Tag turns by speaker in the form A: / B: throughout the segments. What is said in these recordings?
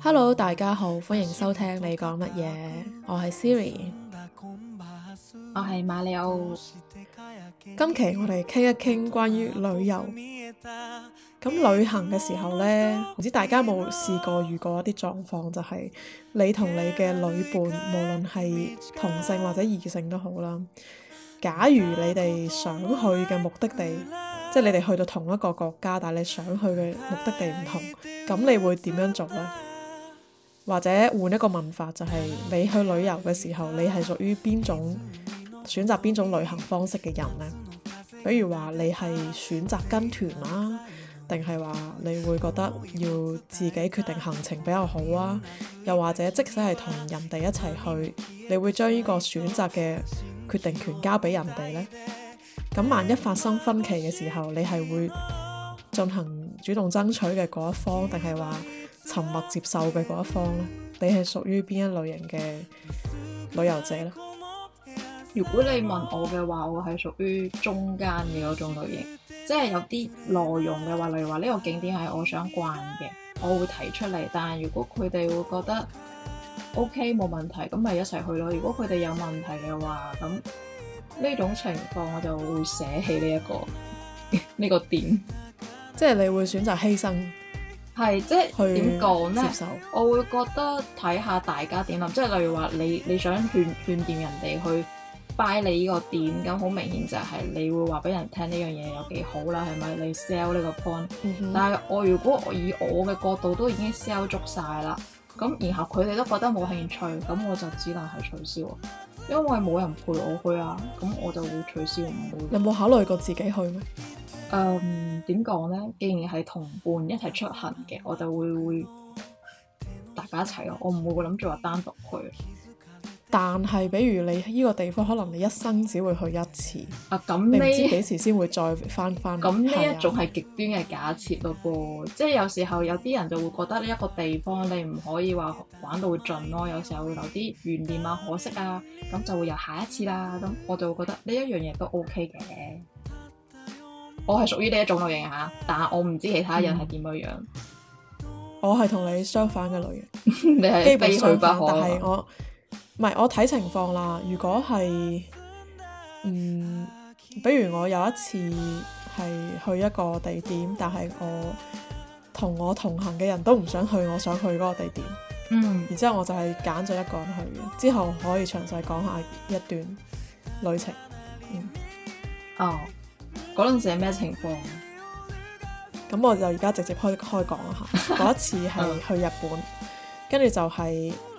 A: Hello，
B: 大家好，歡迎收聽你講乜嘢，我係 Siri，
A: 我係
C: 瑪利奧，今期我哋傾一傾關於旅遊，咁旅行嘅時候呢，唔知大家有冇試過，遇過一啲狀況就係、是。你同你嘅女伴，無論係同性或者異性都好啦。假如你哋想去嘅目的地，即係你哋去到同一個國家，但係你想去嘅目的地唔同，咁你會點樣做咧？或者換一個問法，就係你去旅遊嘅時候，你係屬於邊種選擇邊種旅行方式嘅人咧？比如話你係選擇跟團啦。定係話你會覺得要自己決定行程比較好啊？又或者即使係同人哋一齊去，你會將呢個選擇嘅決定權交俾人哋咧？咁萬一發生分歧嘅時候，你係會進行主動爭取嘅嗰一方，定係話沉默接受嘅嗰一方咧？你係屬於邊一類型嘅旅遊者咧？
B: 如果你問我嘅話，我係屬於中間嘅嗰種類型，即係有啲內容嘅話，例如話呢、這個景點係我想逛嘅，我會提出嚟。但如果佢哋會覺得 OK 冇問題，咁咪一齊去咯。如果佢哋有問題嘅話，咁呢種情況我就會捨棄呢、這、一個呢 個點，即 係你會選擇犧牲，係即係點講呢？接受，我會覺得睇下大家點諗，即係例如話你你想勸勸掂人哋去。b 你呢個點咁好明顯就係你會話俾人聽呢樣嘢有幾好啦，係咪你 sell 呢個 point？、嗯、哼但係我如果以我嘅角度都已經 sell 足晒啦，咁然後佢哋都覺得冇興趣，咁我就只能係取消，因為冇人陪我去啊，咁我就會取消。有冇考慮過自己去咧？誒點講咧？既然係同伴一
C: 齊出行嘅，我就會會大家一齊啊，我唔會諗住話單獨去。但係，比如你呢個地方，可能你一生只會去一次啊！咁、嗯、你唔知幾時先會再翻翻。咁呢、嗯嗯、呢一種係極端嘅假設咯噃，即、
B: 就、係、是、有時候有啲人就會覺得呢一個地方你唔可以話玩到盡咯，有時候會留啲懸念啊、可惜啊，咁就會有下一次啦。咁我就會覺得呢一樣嘢都 OK 嘅。我係屬於呢一種類型嚇、啊，但係我唔知其他人係點樣
C: 樣。嗯、我係同你相反嘅類型， 你悲不可 基本相反，但係我。唔係，我睇情況啦。如果係，嗯，比如我有一次係去一個地點，但係我同我同行嘅人都唔想去，我想去嗰個地點。嗯。然之後我就係揀咗一個人去嘅。之後可以詳細講下一段旅程。嗯。哦。嗰陣時係咩情況？咁我就而家直接開開講一下。嗰一次係去日本，跟住、 嗯、就係、是。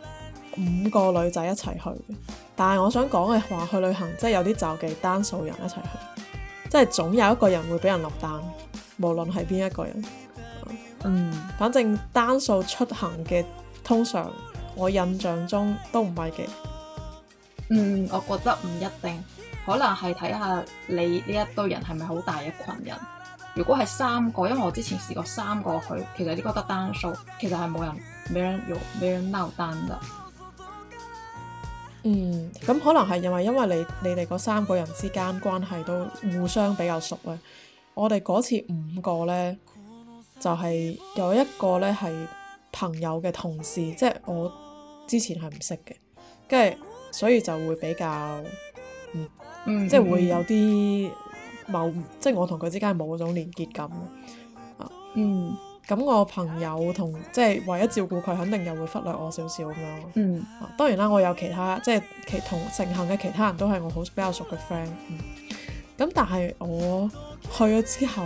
C: 五個女仔一齊去，但係我想講嘅話，去旅行即係有啲就係單數人一齊去，即係總有一個人會俾人落單，無論係邊一個人。嗯，反正單數出行嘅通常我印象中都唔係嘅。嗯，我覺得唔一定，可能係睇下你
B: 呢一堆人係咪好大一群人。如果係三個，因為我之前試過三個
C: 去，其實都覺得單數，其實係冇人，冇人用，冇人鬧單噶。嗯，咁可能係因為，因為你你哋嗰三個人之間關係都互相比較熟咧。我哋嗰次五個咧，就係、是、有一個咧係朋友嘅同事，即、就、係、是、我之前係唔識嘅，跟住所以就會比較即係、嗯嗯、會有啲某，即、就、係、是、我同佢之間冇嗰種連結感，嗯。咁我朋友同即係唯一照顧佢，肯定又會忽略我少少咁樣。嗯，當然啦，我有其他即係其同成行嘅其他人都係我好比較熟嘅 friend。咁、嗯、但係我去咗之後，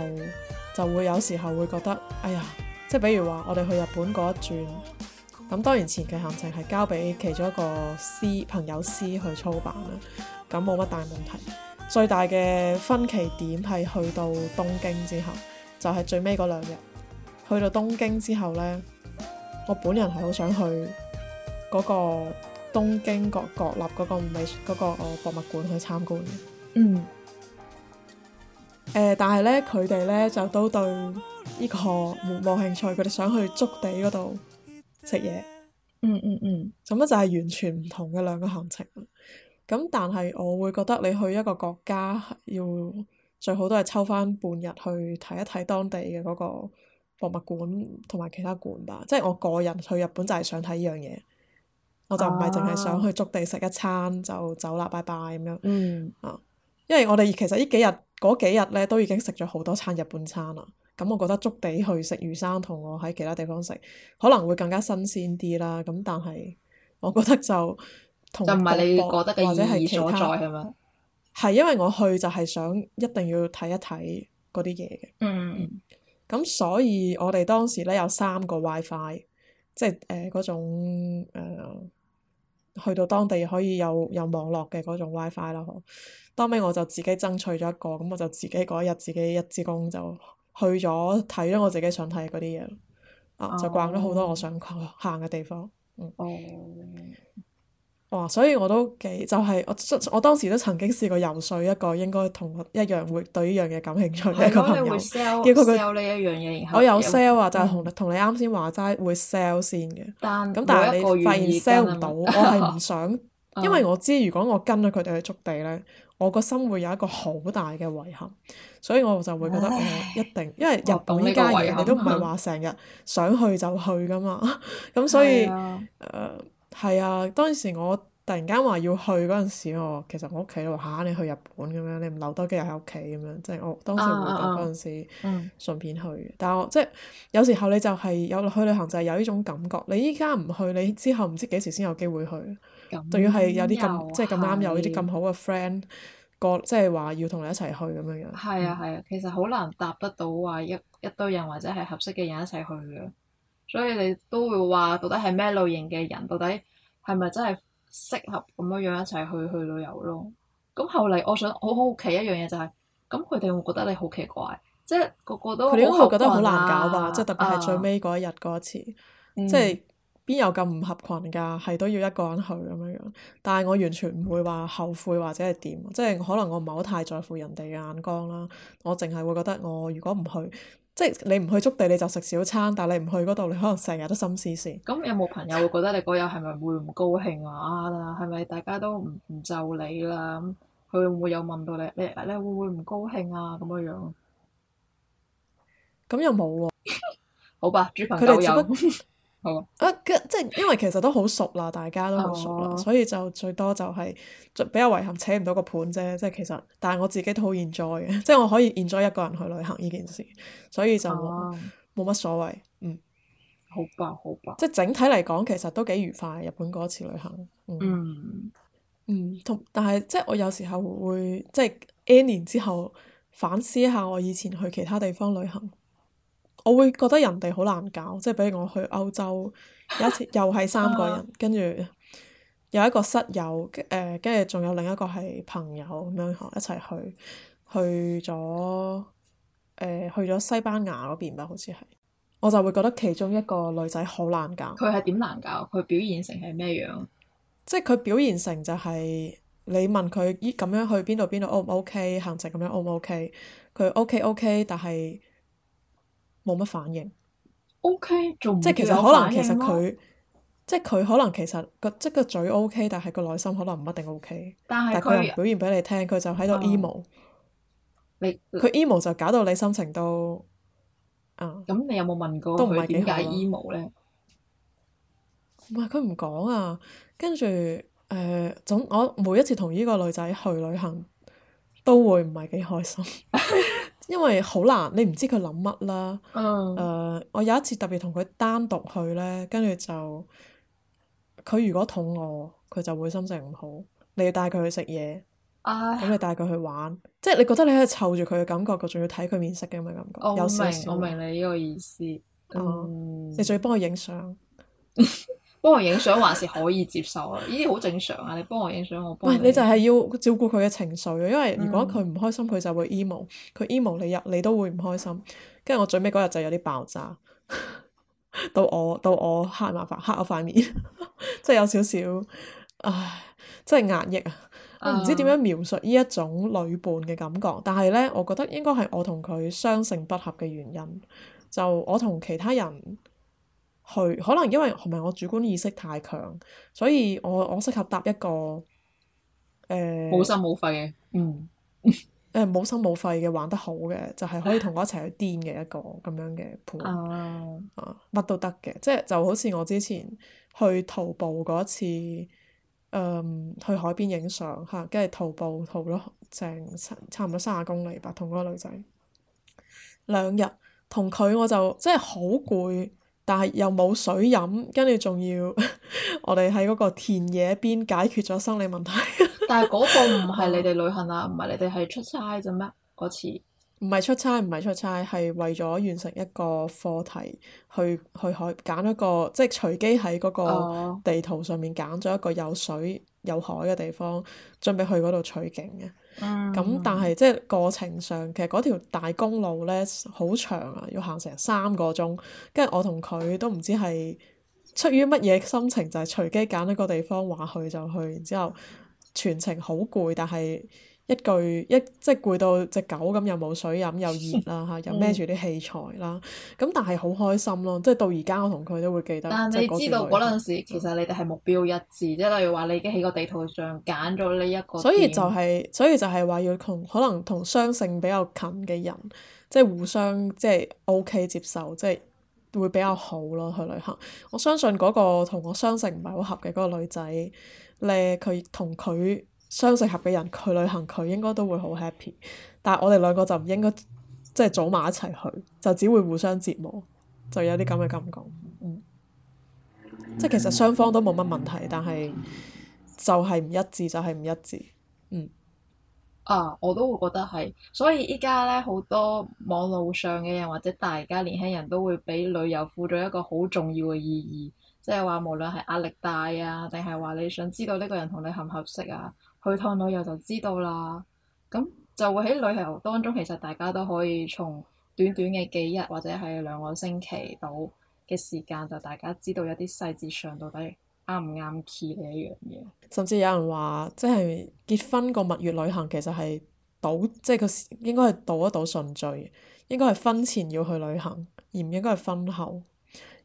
C: 就會有時候會覺得哎呀，即係比如話我哋去日本嗰一轉咁，當然前期行程係交俾其中一個師朋友師去操辦啦。咁冇乜大問題，最大嘅分歧點係去到東京之後，就係、是、最尾嗰兩日。去到東京之後咧，我本人係好想去嗰個東京國國立嗰個唔係，嗰個，博物館去參觀。嗯、誒，但係咧佢哋咧就都對呢個冇興趣，佢哋想去築地嗰度食嘢。嗯嗯
B: 嗯，
C: 咁啊就係、係，完全唔同嘅兩個行程。咁但係我會覺得你去一個國家要最好都係抽翻半日去睇一睇當地嘅嗰、嗰個。博物館同埋其他館吧，即係我個人去日本就係想睇呢樣嘢，我就唔係淨係想去築地食一餐就走啦，拜拜咁樣。嗯啊，因為我哋其實幾幾呢幾日嗰幾日咧都已經食咗好多餐日本餐啦，咁、嗯、我覺得築地去食魚生同我喺其他地方食可能會更加新鮮啲啦。咁但係我覺得就同埋你覺得你外或者係其他。係嘛？係因為我去就係想一定要睇一睇嗰啲嘢嘅。嗯。咁所以我哋當時咧有三個 WiFi，即係誒嗰種、呃、去到當地可以有有網絡嘅嗰種 WiFi 咯。當尾我就自己爭取咗一個，咁我就自己嗰日自己一支公就去咗睇咗我自己想睇嗰啲嘢，啊，就逛咗好多我想行嘅地方。嗯。Oh. 哇！所以我都幾就係我，我當時都曾經試過游說一個應該同我一樣會對依樣嘢感興趣嘅一個朋友。結果佢
B: 我有 sell 啊，就係同
C: 同你啱先話齋會 sell 先嘅。咁但係你發現 sell 唔到，我係唔想，因為我知如果我跟咗佢哋去築地咧，我個心會有一個好大嘅遺憾，所以我就會覺得誒一定，因為日本呢家嘢你都唔係話成日想去就去噶嘛，咁所以誒。係啊，當時我突然間話要去嗰陣時，我其實我屋企話吓你去日本咁樣，你唔留多幾日喺屋企咁樣，即係我當時回港嗰陣時順便去。但係我即係有時候你就係、是、有去旅行就係有呢種感覺，你依家唔去，你之後唔知幾時先有機會去，仲要係有啲咁即係咁啱有呢啲咁好嘅 friend 過即係話要同你
B: 一齊去咁樣。係啊係啊，嗯、啊，其實好難搭得到話一一堆人或者係合適嘅人一齊去嘅。所以你都會話，到底係咩類型嘅人？到底係咪真係適合咁樣樣一齊去去旅遊咯？咁後嚟，我想好好奇一樣嘢
C: 就係、是，咁佢哋會覺得你好奇怪，
B: 即係個個都、啊。佢哋應該會覺得好難搞吧？啊、
C: 即係特別係最尾嗰一日嗰一次，嗯、即係邊有咁唔合群㗎？係都要一個人去咁樣樣，但係我完全唔會話後悔或者係點，即係可能我唔係好太在乎人哋嘅眼光啦。我淨係會覺得我如果唔去。即係你唔去築地你就食小餐，但係你唔去嗰度，你可能成日都心思思。咁有冇朋友會覺得你嗰日係咪會唔高興
B: 啊？係咪 大家都唔唔就你啦？咁佢會唔會有問到你？你你會唔
C: 會唔高興啊？咁樣樣。咁又冇喎、
B: 啊。 好吧，只憑狗樣。
C: 啊，啊即係因為其實都好熟啦，大家都好熟啦，啊、所以就最多就係比較遺憾扯唔到個伴啫。即係其實，但係我自己都好 enjoy 嘅，即係我可以 enjoy 一個人去旅行呢件事，所以就冇乜、啊、所謂。嗯，好吧，好吧。即係整體嚟講，其實都幾愉快。日本嗰次旅行，嗯嗯，同、嗯、但係即係我有時候會即係 n 年之後反思一下我以前去其他地方旅行。我會覺得人哋好難搞，即係比如我去歐洲，有一次又係三個人，跟住有一個室友，誒、呃，跟住仲有另一個係朋友咁樣一齊去，去咗誒、呃，去咗西班牙嗰邊吧，好似係，我就會覺得其中一個女仔好難搞。佢係點難搞？佢表現成係咩樣？即係佢表現成就係、是、你問佢依咁樣去邊度邊度 OK 唔 OK 行程咁樣 OK 唔 OK，佢 OK OK，但係。冇乜反應，O、okay, K，即係其實可能其實佢，啊、即係佢可能其實個即個嘴 O、okay, K，但係個內心可能唔一定 O、okay, K。但係佢又表現俾你聽，佢就喺度 emo。佢 emo 就搞到你心情都，咁、嗯、你有冇問過佢點解 emo 呢？唔係佢唔講啊！跟住誒總，我每一次同呢個女仔去旅行，都會唔係幾開心。 因為好難，你唔知佢諗乜啦。誒、嗯，uh, 我有一次特別同佢單獨去呢，跟住就佢如果肚餓，佢就會心情唔好。你要帶佢去食嘢，咁、哎、呀你帶佢去玩，即係你覺得你喺度湊住佢嘅感覺，佢仲要睇佢面色咁嘅感覺？我明，有點點我明
B: 你呢個意思。Uh, 嗯、
C: 你仲要幫佢影相。
B: 幫我影相還是可以接受啊！呢
C: 啲好正常啊，你幫我影相，我幫你，你就係要照顧佢嘅情緒，因為如果佢唔開心，佢就會 emo，佢、嗯、emo 你入你都會唔開心。跟住我最尾嗰日就有啲爆炸， 到我到我黑麻煩黑我塊面， 即係有少少，唉，即係壓抑啊！我唔知點樣描述呢一種女伴嘅感覺，嗯、但係咧，我覺得應該係我同佢相性不合嘅原因。就我同其他人。去可能因為唔係我主觀意識太強，所以我我適合搭一個誒冇、呃、心冇肺嘅，嗯誒冇、 呃、心冇肺嘅玩得好嘅，就係、是、可以同我一齊去癲嘅一個咁樣嘅伴啊，乜都得嘅，即係就好似我之前去徒步嗰次，誒、嗯、去海邊影相嚇，跟、啊、住徒步，徒步成差唔多三十公里吧，同嗰個女仔兩日，同佢我就真係好攰。但係又冇水飲，跟住仲要我哋喺嗰個田野邊解決咗生理問題。但係嗰個唔係你哋旅行啊，唔係 你哋係出差咋咩？嗰次唔係出差，唔係出差，係為咗完成一個課題，去去海揀一個，即係隨機喺嗰個地圖上面揀咗一個有水有海嘅地方，準備去嗰度取景嘅。咁、嗯、但係即係過程上，其實嗰條大公路咧好長啊，要行成三個鐘，跟住我同佢都唔知係出於乜嘢心情，就係隨機揀一個地方話去就去，然之後全程好攰，但係。一句一即係攰到隻狗咁、啊，又冇水飲，又熱啦嚇，又孭住啲器材啦。咁 但係好開心咯，即係到而家我同佢都會記得。但係你知道嗰陣時，其實你哋係目標一致，即係例如
B: 話你已經喺個地圖上揀咗呢一個點。所以就係、
C: 是，所以就係話要同可能同相性比較近嘅人，即係互相即係 O K 接受，即、就、係、是、會比較好咯去旅行。我相信嗰個同我相性唔係好合嘅嗰個女仔咧，佢同佢。他相適合嘅人，去旅行佢應該都會好 happy，但係我哋兩個就唔應該即係組埋一齊去，就只會互相折磨，就有啲咁嘅感覺，嗯。
B: 即係其實
C: 雙方都冇乜問題，但係就係唔一致，就係、是、唔一致，嗯。啊，我都會覺得係，
B: 所以依家呢，好多網路上嘅人或者大家年輕人都會俾旅遊賦咗一個好重要嘅意義，即係話無論係壓力大啊，定係話你想知道呢個人同你合唔合適啊。去趟旅遊就知道啦。咁就會喺旅行當中，其實大家都可以從短短嘅幾日或者係兩個星期到嘅時間，就大家知道一啲細節上到底
C: 啱唔啱 key 嘅一樣嘢。甚至有人話，即係結婚個蜜月旅行其實係倒，即係佢應該係倒一倒順序，應該係婚前要去旅行，而唔應該係婚後，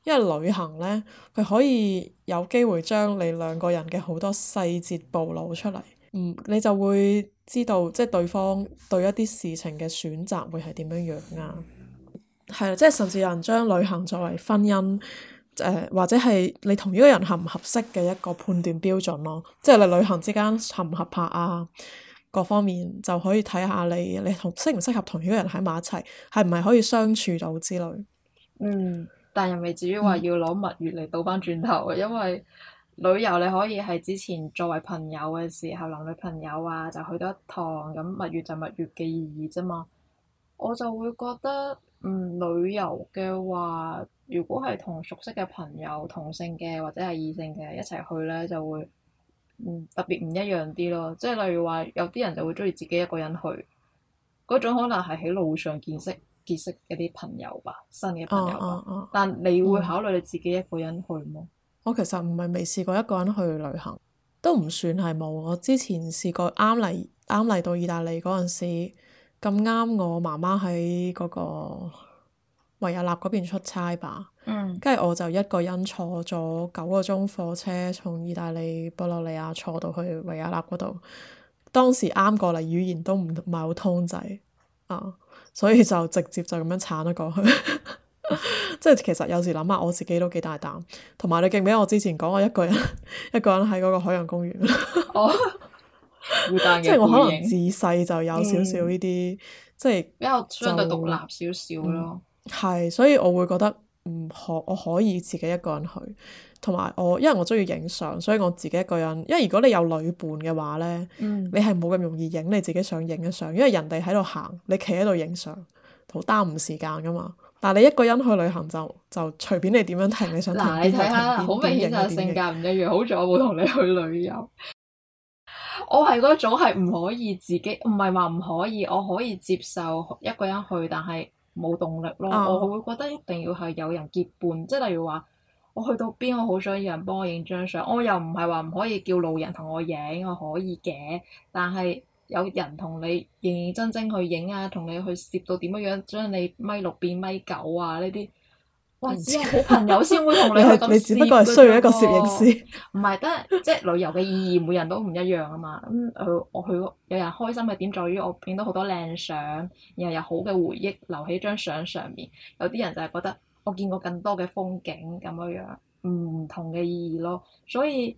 C: 因為旅行咧，佢可以有機會將你兩個人嘅好多細節暴露出嚟。你就會知道即係對方對一啲事情嘅選擇會係點樣樣啊？係啊，即係甚至有人將旅行作為婚姻誒、呃，或者係你同呢個人合唔合適嘅一個判斷標準咯、啊。即係你旅行之間合唔合拍啊，各方面就可以睇下你你同適唔適合同呢個人喺埋一齊，係唔係可以相處到之類。嗯，
B: 但又未至於話要攞蜜月嚟倒返轉頭、嗯、因為。旅遊你可以係之前作為朋友嘅時候，男女朋友啊就去多一趟，咁蜜月就蜜月嘅意義啫嘛。我就會覺得，嗯，旅遊嘅話，如果係同熟悉嘅朋友、同性嘅或者係異性嘅一齊去咧，就會，嗯，特別唔一樣啲咯。即係例如話，有啲人就會鍾意自己一個人去，嗰種可能係喺路上見識、見識一啲朋友吧，新嘅朋友吧。Oh, oh, oh. 但你會考慮你自己一個人去麼？
C: 我其實唔係未試過一個人去旅行，都唔算係冇。我之前試過啱嚟啱嚟到意大利嗰陣時，咁啱我媽媽喺嗰個維也納嗰邊出差吧。跟住、嗯、我就一個人坐咗九個鐘火車，從意大利博洛尼亞坐到去維也納嗰度。當時啱過嚟，語言都唔唔係好通滯啊，所以就直接就咁樣鏟咗過去。 即係 其實有時諗下，我自己都幾大膽。同埋你記唔記得我之前講我一個人，一個人喺嗰個海洋公園。 即係我可能自細就有少少呢啲，嗯，即係比較想個獨立少少咯。係，所以我會覺得，唔可我可以自己一個人去。同埋我，因為我中意影相，所以我自己一個人。因為如果你有女伴嘅話咧，嗯，你係冇咁容易影你自己想影嘅相，因為人哋喺度行，你企喺度影相，好耽誤時間噶嘛。嗱、啊，你一個人去旅行就就隨便你點樣停，你想停邊就停邊。好、啊、邊明顯就性格唔一樣，好在我冇同你去旅遊，
B: 我係嗰種係唔可以自己，唔係話唔可以，我可以接受一個人去，但係冇動力咯。嗯、我會覺得一定要係有人結伴，即係例如話我去到邊，我好想要有人幫我影張相。我又唔係話唔可以叫路人同我影，我可以嘅，但係。有人同你認認真真去影啊，同你去攝到點樣樣，將你米六變米九啊呢啲，只有好朋友先會同你去咁。 你只不過係需要一個攝影師。唔係、那個，得即係旅遊嘅意義，每人都唔一樣啊嘛。咁、嗯、佢，佢有人開心嘅點在於我影到好多靚相，然後有好嘅回憶留喺張相上面。有啲人就係覺得我見過更多嘅風景咁樣樣，唔同嘅意義咯。所以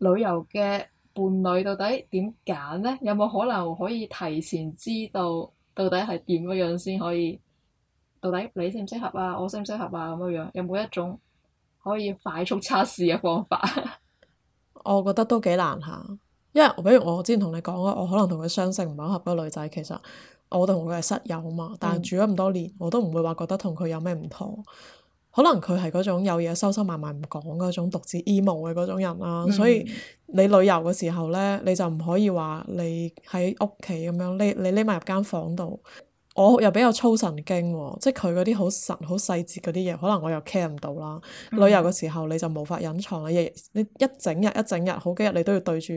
B: 旅遊嘅。伴侶到底點揀呢？有冇可能可以提前知道到底係點個樣先可以？到底你適唔適合啊？我適唔適合啊？咁樣樣，有冇一種可以快速測試嘅方法？
C: 我覺得都幾難下，因為比如我之前同你講啊，我可能同佢相性唔吻合嘅女仔，其實我同佢係室友啊嘛，但係住咗咁多年，我都唔會話覺得同佢有咩唔妥。可能佢係嗰種有嘢收收埋埋唔講嗰種獨自 emo 嘅嗰種人啦、啊，mm hmm. 所以你旅遊嘅時候咧，你就唔可以話你喺屋企咁樣匿，你匿埋入間房度。我又比較粗神經喎、哦，即係佢嗰啲好神、好細節嗰啲嘢，可能我又 care 唔到啦。Mm hmm. 旅遊嘅時候你就無法隱藏啦，日你一整日、一整日、好幾日，你都要對住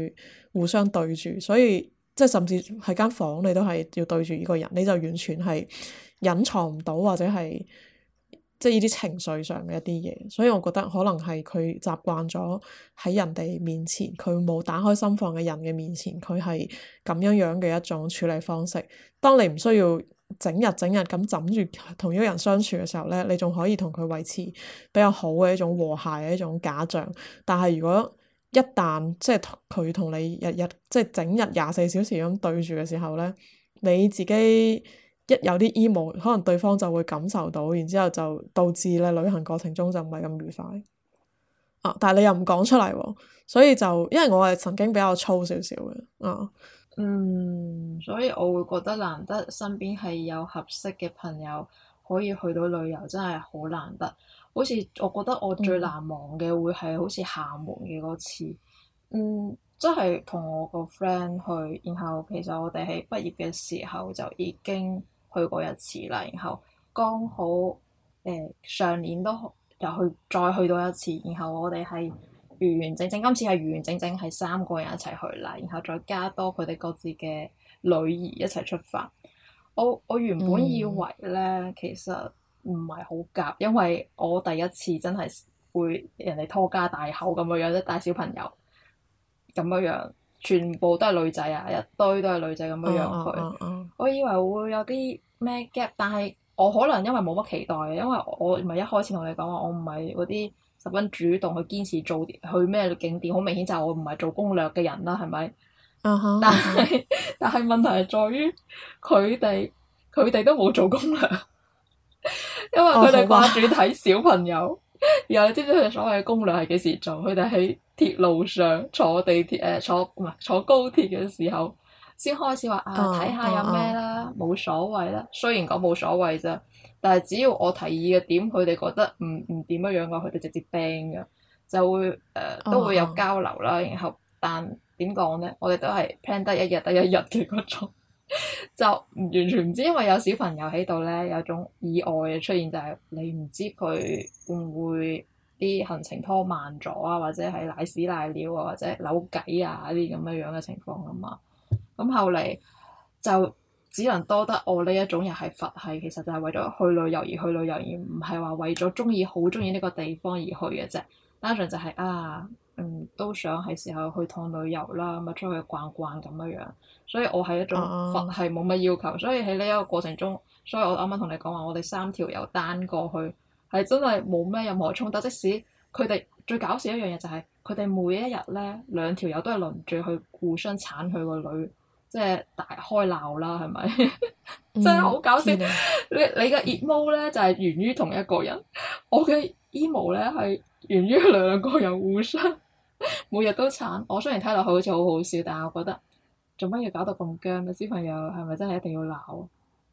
C: 互相對住，所以即係甚至喺間房你都係要對住呢個人，你就完全係隱藏唔到或者係。即係呢啲情緒上嘅一啲嘢，所以我覺得可能係佢習慣咗喺人哋面前，佢冇打開心房嘅人嘅面前，佢係咁樣樣嘅一種處理方式。當你唔需要整日整日咁枕住同一個人相處嘅時候咧，你仲可以同佢維持比較好嘅一種和諧嘅一種假象。但係如果一旦即係佢同你日日即係、就是、整日廿四小時咁對住嘅時候咧，你自己。一有啲 emo，可能對方就會感受到，然之後就導致咧旅行過程中就唔係咁愉快啊，但係你又唔講出嚟，哦，所以就因為我係曾經比較粗少少嘅，嗯，所
B: 以我會覺得難得身邊係有合適嘅朋友可以去到旅遊，真係好難得。好似我覺得我最難忘嘅會係好似廈門嘅嗰次，嗯，即係同我個 friend 去，然後其實我哋喺畢業嘅時候就已經。去過一次啦，然後剛好誒、呃、上年都又去再去到一次，然後我哋係完完整整今次係完完整整係三個人一齊去啦，然後再加多佢哋各自嘅女兒一齊出發。我我原本以為咧，嗯、其實唔係好夾，因為我第一次真係會人哋拖家帶口咁樣樣，即帶小朋友咁樣樣。全部都係女仔啊！一堆都係女仔咁樣約佢，嗯嗯嗯、我以為會有啲咩 gap，但係我可能因為冇乜期待嘅，因為我唔係一開始同你講話，我唔係嗰啲十分主動去堅持做去咩景點，好明顯就係我唔係做攻略嘅人啦，係咪？嗯哼。但係但係問題係在於佢哋佢哋都冇做攻略，因為佢哋掛住睇小朋友。嗯然後你知唔知佢哋所謂嘅攻略係幾時做？佢哋喺鐵路上坐地鐵誒、呃，坐唔係坐高鐵嘅時候，先開始話啊，睇下有咩啦，冇所謂啦。雖然講冇所謂啫，但係只要我提議嘅點，佢哋覺得唔唔點樣樣嘅話，佢哋直接病㗎，就會誒、呃、都會有交流啦。然後但點講咧？我哋都係 plan 得一日得一日嘅嗰種。就完全唔知，因為有小朋友喺度咧，有種意外嘅出現，就係你唔知佢會唔會啲行程拖慢咗啊，或者係瀨屎瀨尿啊，或者扭計啊啲咁樣樣嘅情況啊嘛。咁後嚟就只能多得我呢一種又係佛系，其實就係為咗去旅遊而去旅遊，而唔係話為咗中意好中意呢個地方而去嘅啫。單純就係啊～嗯、都想係時候去趟旅遊啦，咪出去逛逛咁樣樣。所以，我係一種佛系，係冇乜要求。所以喺呢一個過程中，所以我啱啱同你講話，我哋三條友單過去，係真係冇咩任何衝突。即使佢哋最搞笑一樣嘢就係佢哋每一日咧，兩條友都係輪住去互相鏟佢個女，即係大開鬧啦，係咪？ 真係好搞笑！嗯、 你你嘅熱毛咧就係源於同一個人，我嘅衣毛咧係源於兩個人互相。每日都慘，我雖然睇落去好似好好笑，但係我覺得做乜要搞到咁僵咧？小朋友係咪真係一定要鬧？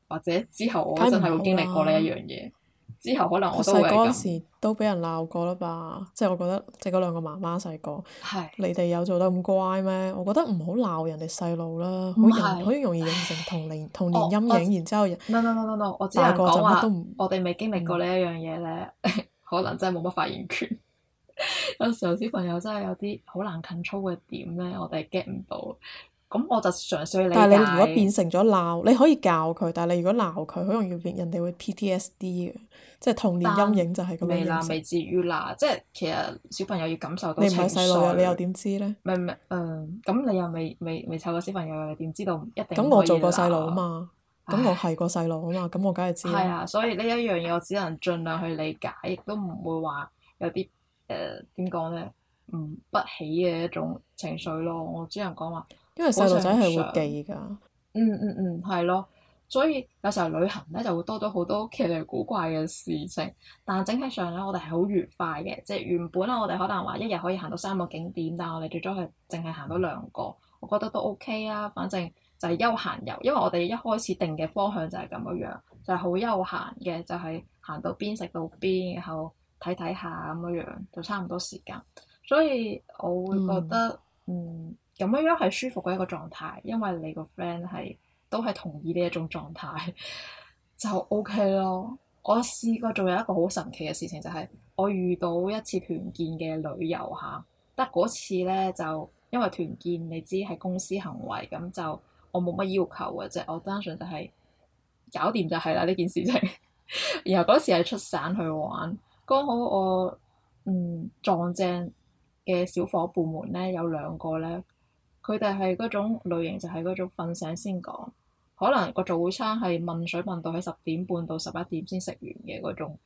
B: 或者之後我真係會經歷過呢一樣嘢。
C: 之後可能我細個嗰時都俾人鬧過啦吧。即係我覺得，即係嗰兩個媽媽細個，是你哋有做得咁乖咩？我覺得唔好鬧人哋細路啦，好容易容易形成童年童 年陰影，哦、然之後人。no no no no no！< 打過 S 1> 我之後講我哋未經歷過呢一樣嘢咧， 可能真係冇乜發言權。
B: 有時候小朋友真係有啲好難 control 嘅點咧？我哋 get 唔到。咁我就嘗試理解。但係你如果變成
C: 咗鬧，你可以教佢，但係你如果鬧佢，好容易人哋會 PTSD 嘅，即係童年陰影就係咁樣。未啦，未
B: 至於啦，即係其實小朋友要感受到。你唔係細路嘅，你又點
C: 知咧？唔係唔係，嗯，
B: 咁你又未未未湊過小朋友，又點知道一定？咁我做過細路啊嘛，咁唉我
C: 係個細路啊嘛，咁我梗係知。係啊，
B: 所以呢一樣嘢我只能盡量去理解，亦都唔會話有啲。誒，點講咧？唔
C: 不，
B: 不起嘅一種情緒咯。我只能講話，因為細路仔係會記
C: 噶。嗯嗯
B: 嗯，係咯。所以有時候旅行咧就會多咗好多奇奇古怪嘅事情。但係整體上咧，我哋係好愉快嘅。即係原本咧，我哋可能話一日可以行到三個景點，但係我哋最終係淨係行到兩個。我覺得都 OK 啊，反正就係休閒遊。因為我哋一開始定嘅方向就係咁嘅樣，就係、是、好休閒嘅，就係、是、行到邊食到邊，然後。睇睇下咁樣樣，就差唔多時間，所以我會覺得，嗯咁、嗯、樣樣係舒服嘅一個狀態，因為你個 friend 係都係同意呢一種狀態就 O K 咯。我試過仲有一個好神奇嘅事情，就係、是、我遇到一次團建嘅旅遊嚇，但嗰次咧就因為團建，你知係公司行為咁就我冇乜要求嘅啫，我單純就係搞掂就係啦呢件事情。 然後嗰時係出省去玩。剛好我嗯撞正嘅小伙伴們咧，有兩個咧，佢哋係嗰種類型，就係嗰種瞓醒先講，可能個早餐係問水問到喺十點半到十一點先食完嘅嗰種。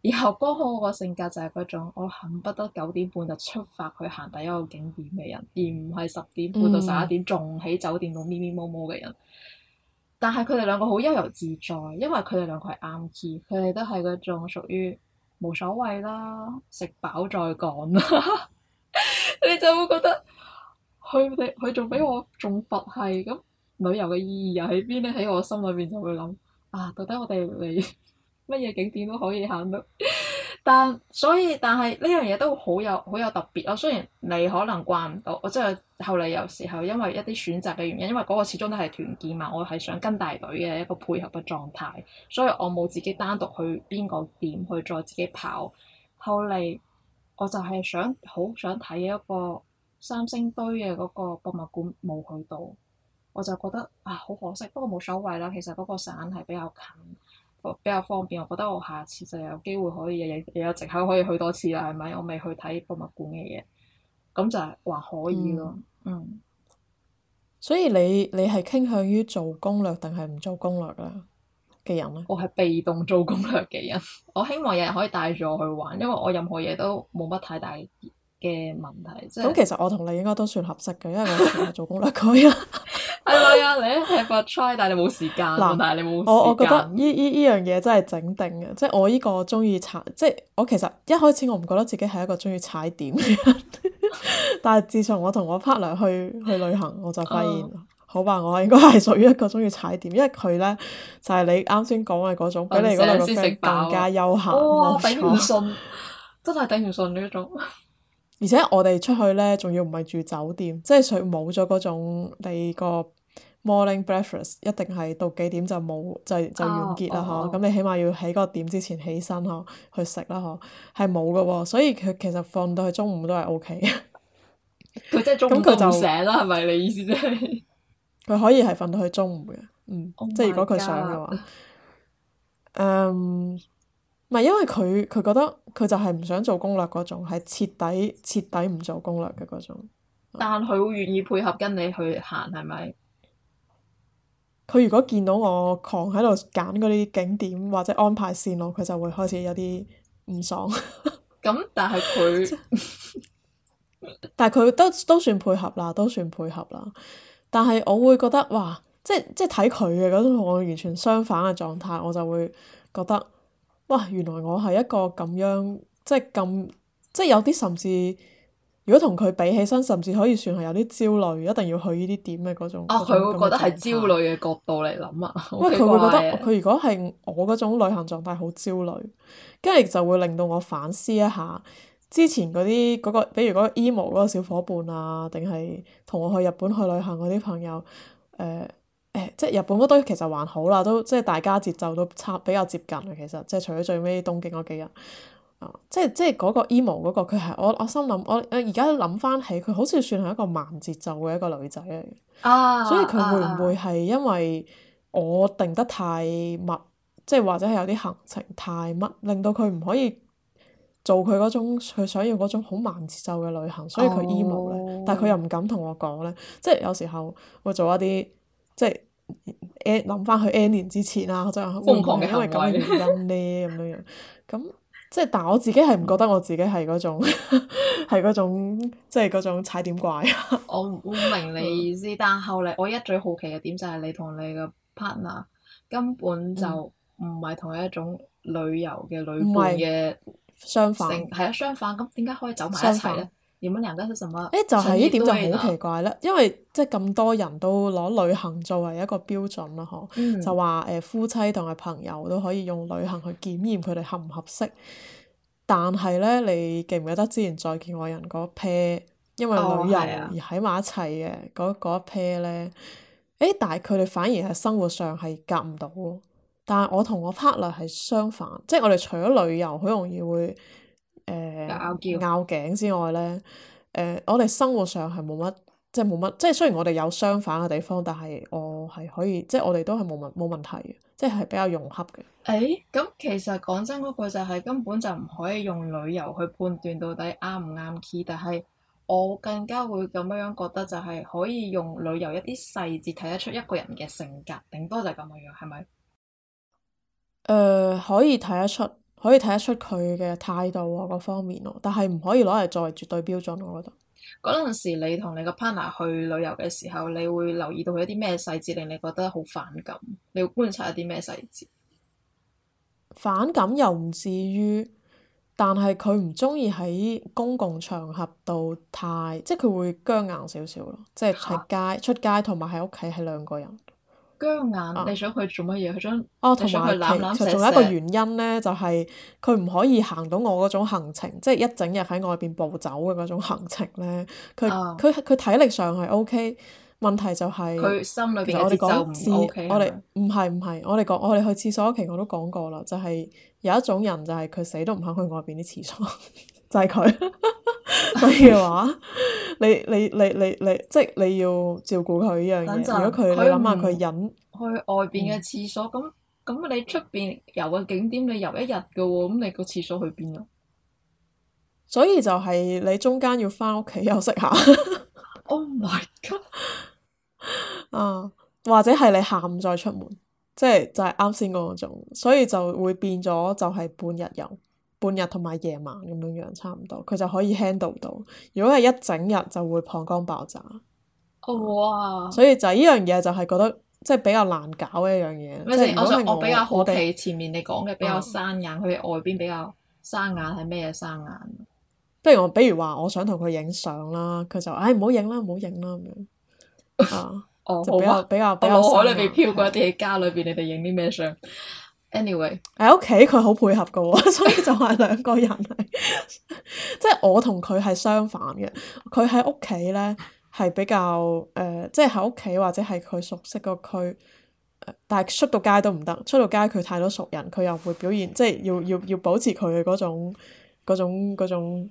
B: 然後剛好我個性格就係嗰種，我恨不得九點半就出發去行第一個景點嘅人，而唔係十點半到十一點仲喺酒店度咪咪摸摸嘅人。但係佢哋兩個好悠遊自在，因為佢哋兩個係啱 key，佢哋都係嗰種屬於。冇所謂啦，食飽再講啦， 你就會覺得佢哋佢仲比我仲佛系咁，旅遊嘅意義又喺邊咧？喺我心裏邊就會諗啊，到底我哋嚟乜嘢景點都可以行到？但所以，但係呢樣嘢都好有好有特別咯。雖然你可能慣唔到，我真係後嚟有時候因為一啲選擇嘅原因，因為嗰個始終都係團建嘛，我係想跟大隊嘅一個配合嘅狀態，所以我冇自己單獨去邊個點去，去再自己跑。後嚟我就係想好想睇一個三星堆嘅嗰個博物館，冇去到，我就覺得啊好可惜。不過冇所謂啦，其實嗰個省係比較近。比較方便，我覺得我下次就有機會可以有有有借口可以去多次啦，係咪？我未去睇博物館嘅嘢，咁就還可以咯、嗯。嗯，
C: 所以你你係傾向於做攻略定係唔做攻略啊嘅人咧？我係被動做攻
B: 略嘅人， 我希望有人可以帶住我去玩，因為我任何嘢都冇乜太大。嘅問題，咁其實
C: 我同你應該都算合適嘅，因為我做攻略嗰日係咪啊？你係咪 try？但你冇時間，啦但係你冇時間。我我覺得依依依樣嘢真係整定嘅，即係我依個中意踩，即係我其實一開始我唔覺得自己係一個中意踩點嘅人， 但係自從我同我 partner 去去旅行，我就發現，uh, 好吧，我應該係屬於一個中意踩點，因為佢咧就係、是、你啱先講嘅嗰種，比你嗰兩個更加悠閒。我、 哦哦、頂唔順， 真係頂唔順呢種。而且我哋出去咧，仲要唔係住酒店，即係佢冇咗嗰種你個 morning breakfast 一定係到幾點就冇就就完結啦嗬，咁、oh, oh, oh. 啊、你起碼要喺嗰個點之前起身嗬、啊，去食啦嗬，係冇噶喎。所以佢其實瞓到去中午都係 O K 嘅。佢即係中午咁佢 就醒
B: 啦，係咪你意思即係？
C: 佢可以係瞓到去中午嘅，嗯，oh, my 即係如果佢想嘅話，嗯。唔係因為佢，佢覺得佢就係唔想做攻略嗰種，係徹底、徹底唔做攻略嘅嗰種。
B: 但佢會願意配合跟你去行，係咪？
C: 佢如果見到我狂喺度揀嗰啲景點或者安排線路，佢就會開始有啲唔爽。
B: 咁 但係佢，
C: 但係佢都都算配合啦，都算配合啦。但係我會覺得哇，即係即係睇佢嘅嗰種同我完全相反嘅狀態，我就會覺得。哇！原來我係一個咁樣，即係咁，即係有啲甚至，如果同佢比起身，甚至可以算係有啲焦慮，一定要去呢啲點嘅嗰種。啊！佢會覺得係焦
B: 慮嘅角度嚟諗啊！因為，佢會覺得佢
C: 如果係我嗰種旅行狀態好焦慮，跟住就會令到我反思一下之前嗰啲嗰個，比如嗰個 emo 嗰個小伙伴啊，定係同我去日本去旅行嗰啲朋友，誒、呃。誒、哎，即係日本嗰堆其實還好啦，都即係大家節奏都差比較接近。其實即係除咗最尾東京嗰幾日，啊，即係即係嗰個 emo 嗰、那個佢係我我心諗，我而家諗翻起佢好似算係一個慢節奏嘅一個女仔嚟嘅，啊、所以佢會唔會係因為我定得太密，啊、即係或者係有啲行程太密，令到佢唔可以做佢嗰種佢想要嗰種好慢節奏嘅旅行，所以佢 emo 咧。哦、但係佢又唔敢同我講咧，即係有時候會做一啲。即係 n 諗翻去 n 年之前啦，瘋狂嘅因為咁嘅原因咧，咁樣樣咁即係，但我自己係唔覺得我自己係嗰種係嗰種，即係嗰種踩點怪。我
B: 唔明你意思， 但係後嚟我一最好奇嘅點就係你同你嘅 partner 根本就唔係，嗯、同一種旅遊嘅旅伴嘅
C: 相反，係
B: 啊相反，咁點解可以走埋一齊呢？你們兩個是什麼？就係、是、呢點就好奇
C: 怪啦， 因為即係咁多人都攞旅行作為一個標準啦，嗬、嗯，就話誒夫妻同埋朋友都可以用旅行去檢驗佢哋合唔合適。但係呢，你記唔記得之前再見愛人嗰 pair，因為旅遊而喺埋一齊嘅嗰嗰 pair 呢，誒、哦，啊、但係佢哋反而係生活上係夾唔到。但係我同我 partner 係相反，即、就、係、是、我哋除咗旅遊，好容易會。誒拗、呃、拗頸之外咧，誒、呃、我哋生活上係冇乜，即係冇乜，即係雖然我哋有相反嘅地方，但係我係可以，即係我哋都係冇問冇問題嘅，即係比較融洽嘅。誒、欸，咁其實講真嗰句、那個、就係根本就唔可以用
B: 旅遊去判斷到底啱唔啱 key，但係我更加會咁樣覺得就係可以用旅遊一啲細節睇得出一個人嘅性格，頂多就係咁樣，係咪？誒、呃，
C: 可以睇得出。可以睇得出佢嘅態度啊，各方面咯，但係唔可以攞嚟作為絕對標準。我覺得
B: 嗰陣時，你同你個 partner 去旅遊嘅時候，你會留意到佢一啲咩細節令你覺得好反感？你會觀察一啲咩細節？
C: 反感又唔至於，但係佢唔鍾意喺公共場合度太，即係佢會僵硬少少咯。即係出街、啊、出街同埋喺屋企係兩個人。僵硬，你想去做乜嘢？佢想哦，同埋其實仲有一個原因咧，就係佢唔可以行到我嗰種行程，即係一整日喺外邊暴走嘅嗰種行程咧。佢佢佢體力上係 OK，問題就係佢心裏邊啲就唔 OK。我哋唔係唔係，我哋講我哋去廁所嗰期我都講過啦，就係有一種人就係佢死都唔肯去外邊啲廁所。 晒佢，就 所以嘅話，你你你你你，即係你，你，你，、就是、你要照顧佢呢樣嘢。如果佢他不 忍，你諗下佢忍
B: 去外邊嘅廁所，咁咁、嗯、你出邊遊個景點，你遊一日嘅喎，咁你個廁所去邊啊？
C: 所以就係你中間要返屋企休息下。 Oh my god！ 啊，或者係你下午再出門，即係就係啱先嗰種，所以就會變咗就係半日遊。半日同埋夜晚咁樣樣，差唔多佢就可以 handle 到。如果係一整日，就會膀胱爆炸。
B: 哇！所以
C: 就呢樣嘢就係覺得即係比較難搞嘅一樣嘢。唔係，我想我比較好奇
B: 前面你講嘅比較生眼，佢外邊比較生眼係咩嘢生眼？
C: 不如我，比如話我想同佢影相啦，佢就唉，唔好影啦，唔好影啦咁樣。啊！就比較比較比較海裏邊
B: 漂過一啲喺家裏邊，你哋影
C: 啲咩相？Anyway 喺屋企佢好配合噶， 所以就係兩個人係， 即係我同佢係相反嘅。佢喺屋企咧，係比較誒，即係喺屋企或者係佢熟悉個區，但係出到街都唔得。出到街佢太多熟人，佢又會表現，即係要要要保持佢嘅嗰種嗰種嗰種，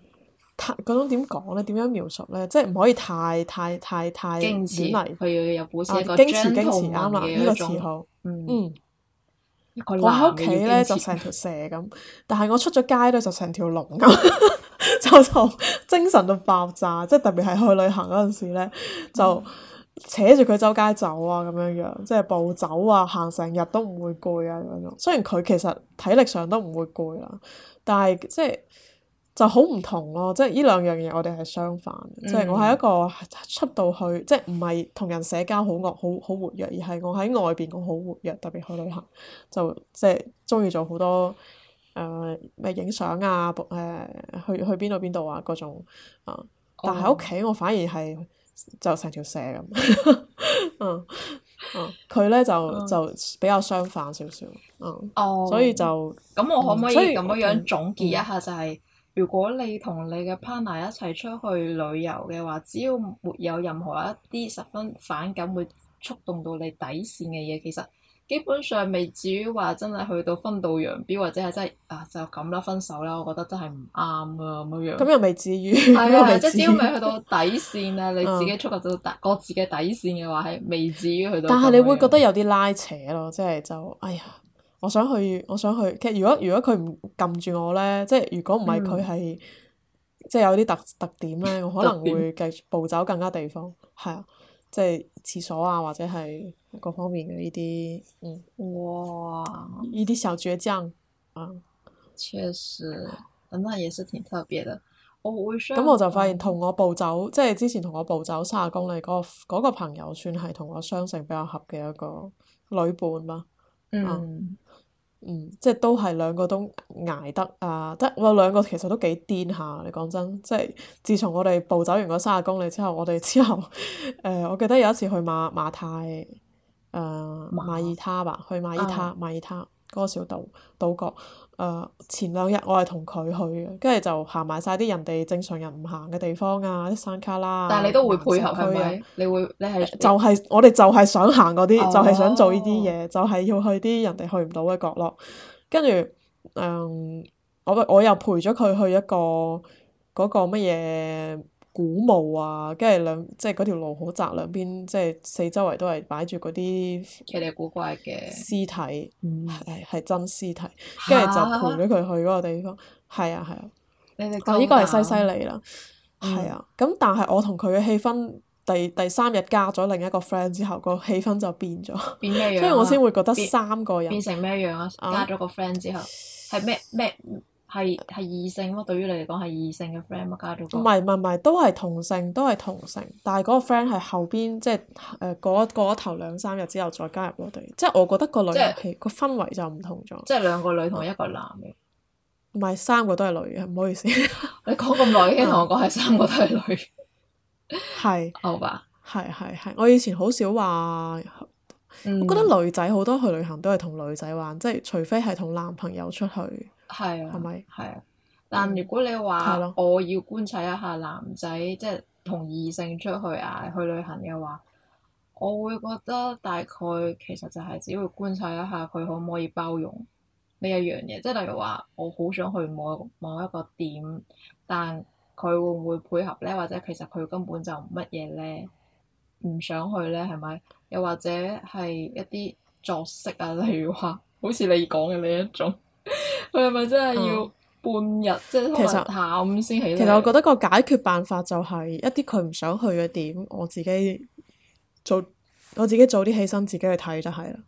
C: 嗰種點講咧？點樣描述咧？即係唔可以太太太太遠離，佢要有保持矜持、啊、矜持啱啦，呢個詞好嗯。嗯我喺屋企咧就成條蛇咁，但係我出咗街咧就成條龍咁， 就就精神到爆炸，即係特別係去旅行嗰陣時咧，嗯、就扯住佢周街走啊咁樣樣，即係步走啊，行成日都唔會攰啊咁樣。雖然佢其實體力上都唔會攰啦，但係即係。就好唔同咯，即係呢兩樣嘢，我哋係相反。嗯、即係我係一個出到去，即係唔係同人社交好惡好好活躍，而係我喺外邊，我好活躍，特別去旅行，就即係中意做好多誒咩影相啊，誒、呃、去去邊度邊度啊嗰種啊。種嗯、但係喺屋企，我反而係就成條蛇咁、 嗯。嗯佢呢、嗯、就就比較相反少少。嗯。
B: 哦、嗯。所以就咁，嗯、我可唔可以咁樣樣
C: 總結一下？就係、是。
B: 如果你同你嘅 partner 一齊出去旅遊嘅話，只要沒有任何一啲十分反感會觸動到你底線嘅嘢，其實基本上未至於話真係去到分道揚鑣或者係真係啊就咁啦分手啦，我覺得真係唔啱啊咁樣。咁又
C: 未至於，係啊，即係 只要未去到
B: 底線啊，你自己觸及到各自嘅底線嘅話，係、嗯、未至於去到。但係你會
C: 覺得有啲拉扯咯，即係就，是、就哎呀～我想去，我想去。其實如果如果佢唔撳住我咧，即係如果唔係佢係即係有啲特特點咧，我可能會繼續步走更加地方，係 啊，即係廁所啊，或者係各方面嘅呢啲，嗯。哇！呢啲時候住得真。啊、嗯，確實，咁啊，也是挺特別的。我會。咁我就發現同我步走，嗯、即係之前同我步走三十公里嗰、嗰個嗰個朋友，算係同我相性比較合嘅一個女伴啦。嗯。嗯。嗯，即係都係兩個都捱得啊！得、呃、我兩個其實都幾癲下，你講真，即係自從我哋暴走完嗰三十公里之後，我哋之後誒、呃，我記得有一次去馬馬太誒、呃、馬爾他吧，去馬爾他、啊、馬爾他嗰、啊那個小島島國。誒、uh, 前兩日我係同佢去，跟住就行埋晒啲人哋正常人唔行嘅地方啊，啲山卡啦。但係你都會配合佢，係咪？你會你係就係我哋就係想行嗰啲，就係想做呢啲嘢，就係、係、要去啲人哋去唔到嘅角落。跟住，嗯、um,，我我又陪咗佢去一個嗰、嗰個乜嘢？古墓啊，跟住兩即係嗰條路好窄，兩邊即係四周圍都係擺住嗰啲奇離古怪嘅屍體，係係、嗯、真屍體，跟住哈就陪咗佢去嗰個地方。係啊係啊，你哋講，呢個係西西利啦。係啊，咁但係我同佢嘅氣氛，第第三日加咗另一個 friend 之後，個氣氛就變咗。變咩樣、啊？ 所以我先會覺得三個人變成
B: 咩樣啊？加咗個 friend 之後係咩咩？啊係係異性咯，對
C: 於你嚟講係異性嘅 friend 咪加咗？唔係唔係唔係，都係同性，都係同性。但係嗰個 friend 係後邊，即係誒過一過咗頭兩三日之後再加入我哋。即係我覺得個旅遊是個氛圍，氛圍就唔同咗。即係兩個女同一個男嘅。唔係三個都係女嘅，唔好意思。你講咁耐已經同我講係三個都係女。係 是。 好吧。係係係，我以前好少話。嗯、我覺得女仔好多去旅行都係同女仔玩，即係除非係同男朋友出去。係啊，係咪？係啊，但如
B: 果你話我要觀察一下男仔，嗯、即係同異性出去啊，去旅行嘅話，我會覺得大概其實就係只會觀察一下佢可唔可以包容呢一樣嘢，即係例如話我好想去某某一個點，但佢會唔會配合咧？或者其實佢根本就乜嘢咧？唔想去咧，係咪？又或者係一啲作息啊？例如
C: 話，好似你講嘅呢一種。
B: 佢係咪真係要半日、嗯、即係可能
C: 下午先起其實，其實我覺得個解決辦法就係一啲佢唔想去嘅點，我自己做，我自己早啲起身自己去睇就係啦。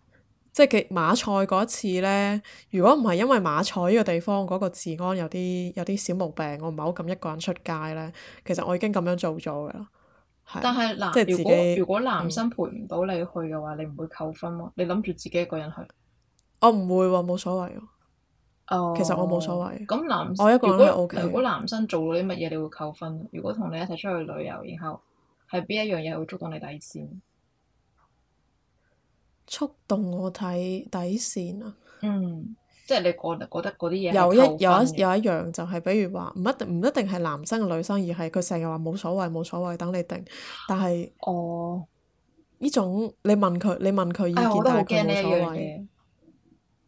C: 即係馬賽嗰次咧，如果唔係因為馬賽呢個地方嗰、嗰個治安有啲有啲小毛病，我唔係好敢一個人出街咧。其實我已經咁樣做咗噶啦。但係男，如果男
B: 生陪唔到你去嘅話，嗯、你唔會扣分麼、啊？你諗住自己一個人去？
C: 我唔會喎、啊，冇所謂。Oh, 其實我冇所謂。咁男生，我一個人都 OK。如果男
B: 生做咗啲乜嘢，你會扣分？如果同你一齊出去旅遊，然後係邊一樣嘢會
C: 觸動你底線？觸動我睇底，底線啊！嗯，
B: 即係你個人覺得嗰啲嘢有一有一有一，有
C: 一樣就係，比如話唔一定唔一定係男生嘅、女生，而係佢成日話冇所謂冇所謂等你定，但係哦呢種你問佢你問佢意見，哎呦，但係我驚呢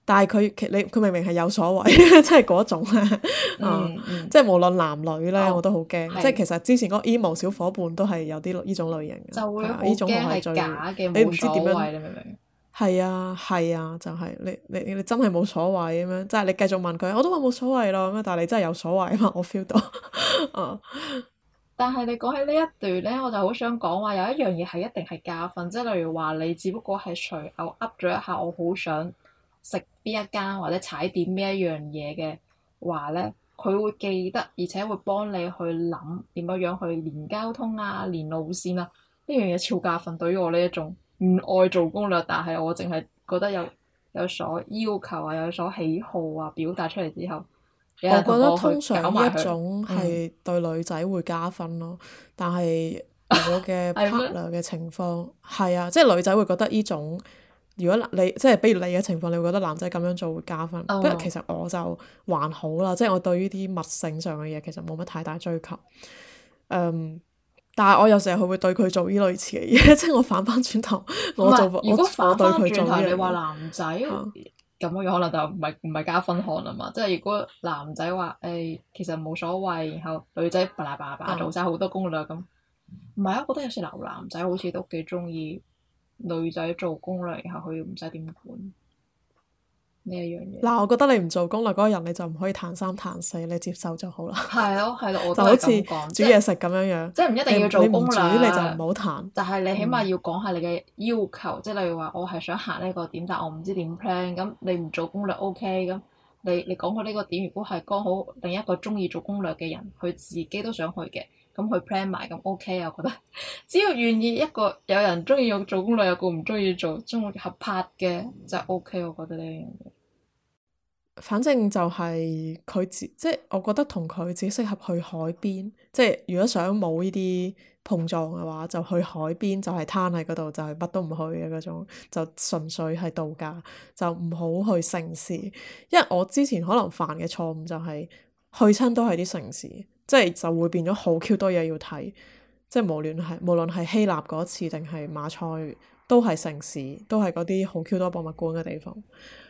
C: 但係佢其你佢明明係有所謂，即係嗰種咧即係無論男女咧，哦、我都好驚。是即係其實之前嗰個 emo 小伙伴都係有啲呢種類型嘅，就呢會、啊、種我係最假嘅，冇所謂你明唔明？係啊係啊，就係、是、你你你，你真係冇所謂咁樣，即係你繼續問佢，我都話冇所謂咯。咁但係你真係有所謂啊！我 feel 到。
B: 但係你講起呢一段咧，我就好想講話有一樣嘢係一定係教訓，即係例如話你，只不過係隨口噏咗一下，我好想。食邊一間或者踩點邊一樣嘢嘅話呢，佢會記得，而且會幫你去諗點樣樣去連交通啊、連路線啊呢樣嘢，超加分。對於我呢一種唔愛做攻略，但係我淨係覺得有有所要求啊、有所喜好啊，表達出嚟之後，我，我覺得通常依種係
C: 對女仔會加分咯。嗯、 但係我嘅 partner 嘅情況係 嗎啊，即係女仔會覺得呢種。如果你即係比如你嘅情況，你會覺得男仔咁樣做會加分。不過、oh. 其實我就還好啦，即係我對於啲物性上嘅嘢其實冇乜太大追求。嗯、um,，但係我有時候佢會對佢做呢類似嘅嘢，即係我反翻轉頭，我做是我對就如果反翻轉頭你話男仔
B: 咁樣，嗯、可能就唔係唔係加分項啦嘛。即係如果男仔話誒其實冇所謂，然後女仔吧啦吧啦做晒好多攻略咁，唔係啊我覺得有時男男仔好似都幾鍾意。女仔做攻略，然後佢唔使點管
C: 呢一樣嘢。嗱，我覺得你唔做攻略嗰個人，你就唔可以彈三彈四，你接受就好啦。係咯，
B: 係咯，我都係咁講，就好似
C: 煮嘢食咁樣樣。即係唔一定要做攻略，你就唔好彈。
B: 就係你起碼要講下你嘅要求，即係、嗯、例如話，我係想行呢個點，但係我唔知點 plan。咁你唔做攻略 OK，咁你你講過呢個點，如果係剛好另一個中意做攻略嘅人，佢自己都想去嘅。咁佢 plan 埋咁 OK，我覺得只要願意一個有人中意做攻略，有個唔中意做，中合拍嘅就 OK，我覺得
C: 呢樣嘢，反正就係佢自即係我覺得同佢只適合去海邊。即係如果想冇呢啲碰撞嘅話，就去海邊就係攤喺嗰度，就係乜都唔去嘅嗰種，就純粹係度假，就唔好去城市。因為我之前可能犯嘅錯誤就係去親都係啲城市。即係就會變咗好 Q 多嘢要睇，即係無論係無論係希臘嗰次定係馬賽，都係城市，都係嗰啲好 Q 多博物館嘅地方。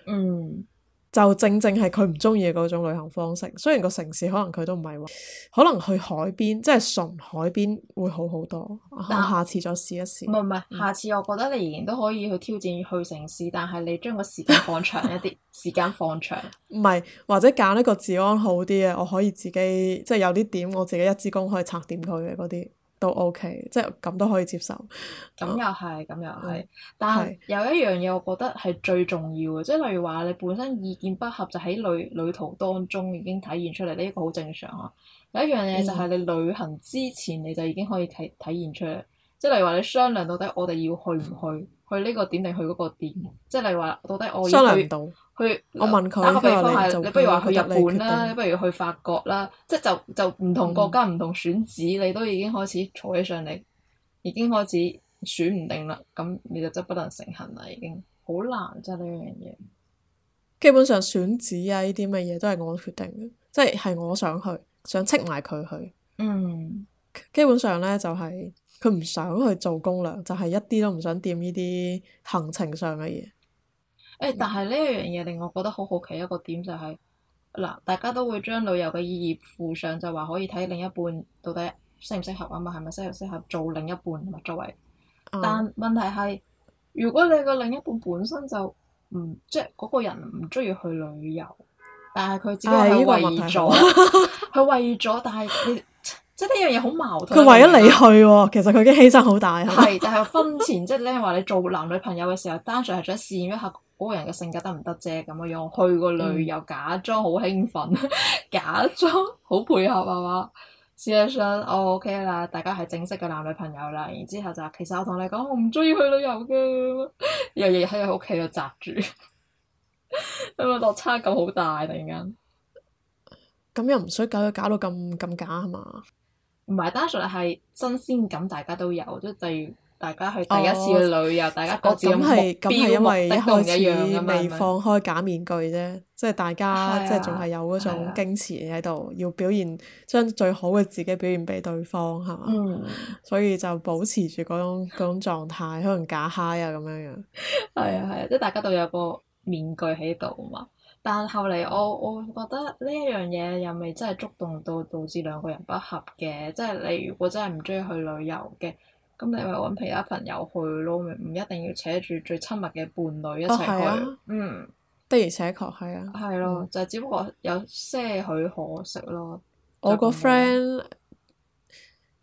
C: 嗯。就正正係佢唔中意嘅嗰種旅行方式。雖然個城市可能佢都唔係話，可能去海邊即係純海邊會好好多。但我下次再試一試。唔係唔係，
B: 下次我覺得你仍然都可以去挑戰去城市，但係你將個時間放長一啲，
C: 時間放長。唔係，或者揀一個治安好啲嘅，我可以自己即係、就是、有啲點，我自己一支公可以拆掂佢嘅嗰啲。都 OK，即係咁都可以接受。咁
B: 又係，咁又係。
C: 對但係有
B: 一樣嘢，我覺得
C: 係最重要嘅，即係是例
B: 如話你本身意見不合，就喺旅旅途當中已經體現出嚟，呢、這、一個好正常啊。有一樣嘢就係你旅行之前你就已經可以體、嗯、體現出嚟。即係例如話你商量到底我哋要去唔去？嗯、去呢個點定去嗰個點？即係例如話到底我要去商量唔到。去留我問佢打個比方你不，你不如話去日本啦，你不如去法國啦，即係就就唔同國家唔、嗯、同選址，你都已經開始坐起上嚟，已經開始
C: 選唔定啦。咁你就真不能成行啦，已經好難真係呢樣嘢。基本上選址啊呢啲乜嘢都係我決定，嘅，即係係我想去，想斥埋佢去。
B: 嗯，
C: 基本上咧就係、是。佢唔想去做攻略，就係、是、一啲都唔想掂呢啲行程上嘅嘢。誒、欸，但係呢
B: 一樣嘢令我覺得好好奇一個點就係、是，嗱，大家都會將旅遊嘅意義附上，就話可以睇另一半到底適唔適合啊嘛，係咪適唔適合做另一半啊嘛，是是作為。嗯、但問題係，如果你個另一半本身就唔即係嗰個人唔中意去旅遊，但係佢自己係為咗，佢 為咗，但係你。即係呢樣嘢好矛盾。佢為咗你去
C: 喎、啊，其實佢已經犧牲好大。係，
B: 就係婚前即係咧話你做男女朋友嘅時候， 單純係想試驗一下嗰個人嘅性格得唔得啫，咁嘅樣我去。去個旅遊，假裝好興奮，假裝好配合啊嘛。試一試我 OK 啦，大家係正式嘅男女朋友啦。然之後就是、其實我同你講，我唔中意去旅遊嘅，日日喺佢屋企度宅住，因為落差咁好大突然
C: 間。咁又唔需搞到搞到咁咁假係嘛？
B: 唔係，單純係新鮮感，大家都有。即係例如大家去第一次去旅遊，哦、大家各自嘅目標目的都唔一樣㗎嘛。咁係，咁係、哦、因為一開始未放
C: 開假面具啫，即係、嗯、大家即係仲係有嗰種矜持喺度，要表現將最好嘅自己表現俾對方，係嘛？嗯、所以就保持住嗰種嗰種狀態，可能假 high 啊咁樣樣。係啊係啊，即係大家都有個面
B: 具喺度啊嘛。但後嚟我我覺得呢一樣嘢又未真係觸動到導致兩個人不合嘅，即係你如果真係唔中意去旅遊嘅，咁你咪揾其他朋友去咯，咪唔一定要扯住最親密嘅伴侶一齊去。哦啊、嗯，
C: 的而且確係啊。係咯，
B: 就、嗯、只不過有些許可惜咯。
C: 我個 friend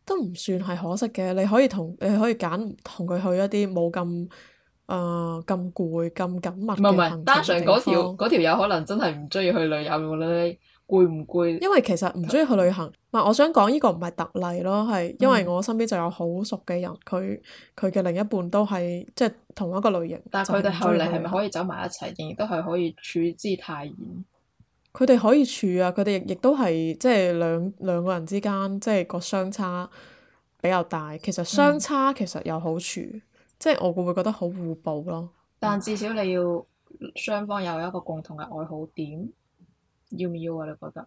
C: 都唔算係可惜嘅，你可以同你可以揀同佢去一啲冇咁。誒，咁攰咁緊密唔係唔係，單純嗰條嗰條有可能真係唔
B: 中意去旅遊，我諗你攰唔攰？因為
C: 其實唔中意去旅行。唔係， 我想講呢個唔係特例咯，係因為我身邊就有好熟嘅人，佢佢嘅另一半都係即係同一個類型。但係佢哋後嚟係咪可
B: 以走埋一齊？亦都係
C: 可以處之泰然。佢哋可以處啊！佢哋亦亦都係即係兩兩個人之間，即係個相差比較大。其實相差其實有好處。嗯即係我會會覺得好互補咯，
B: 但至少你要雙方
C: 有一個共同嘅愛好點，要唔要啊？你覺得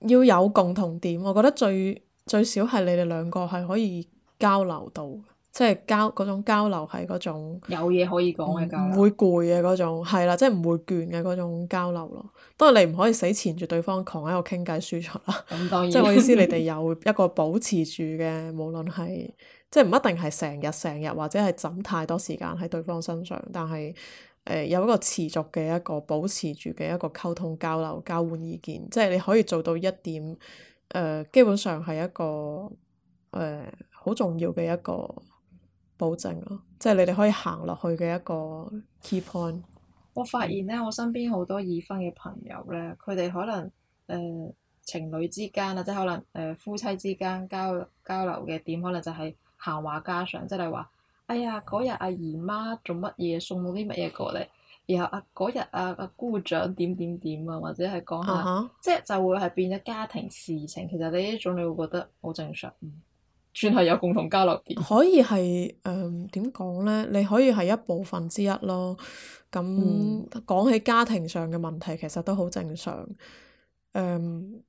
C: 要有共同點，我覺得最最少係你哋兩個係可以交流到，即係交嗰種交流係嗰種有嘢可以講嘅交，唔會攰嘅嗰種係啦，即係唔會倦嘅嗰種交流咯。當然你唔可以死纏住對方狂喺度傾偈輸出啦。咁當然， 即係我意思，你哋有一個保持住嘅，無論係。即係唔一定係成日成日，或者係枕太多時間喺對方身上，但係誒、呃、有一個持續嘅一個保持住嘅一個溝通交流交換意見，即係你可以做到一點誒、呃，基本上係一個誒好、呃、重要嘅一個保證咯，即係你哋可以行落去嘅一個 key point。我發
B: 現咧，我身邊好多已婚嘅朋友咧，佢哋可能誒、呃、情侶之間啊，即係可能誒、呃、夫妻之間交交流嘅點，可能就係、是。閒話家常，即係話，哎呀，嗰日阿姨媽做乜嘢，送到啲乜嘢過嚟，然後啊，嗰日啊啊姑丈點點點啊，或者係講下，uh huh。即係就會係變咗家庭事情。其實呢一種你會覺得好正常，嗯、算係有共同交流點？
C: 可以係誒點講呢？你可以係一部分之一咯。咁講、嗯、起家庭上嘅問題，其實都好正常。嗯、呃。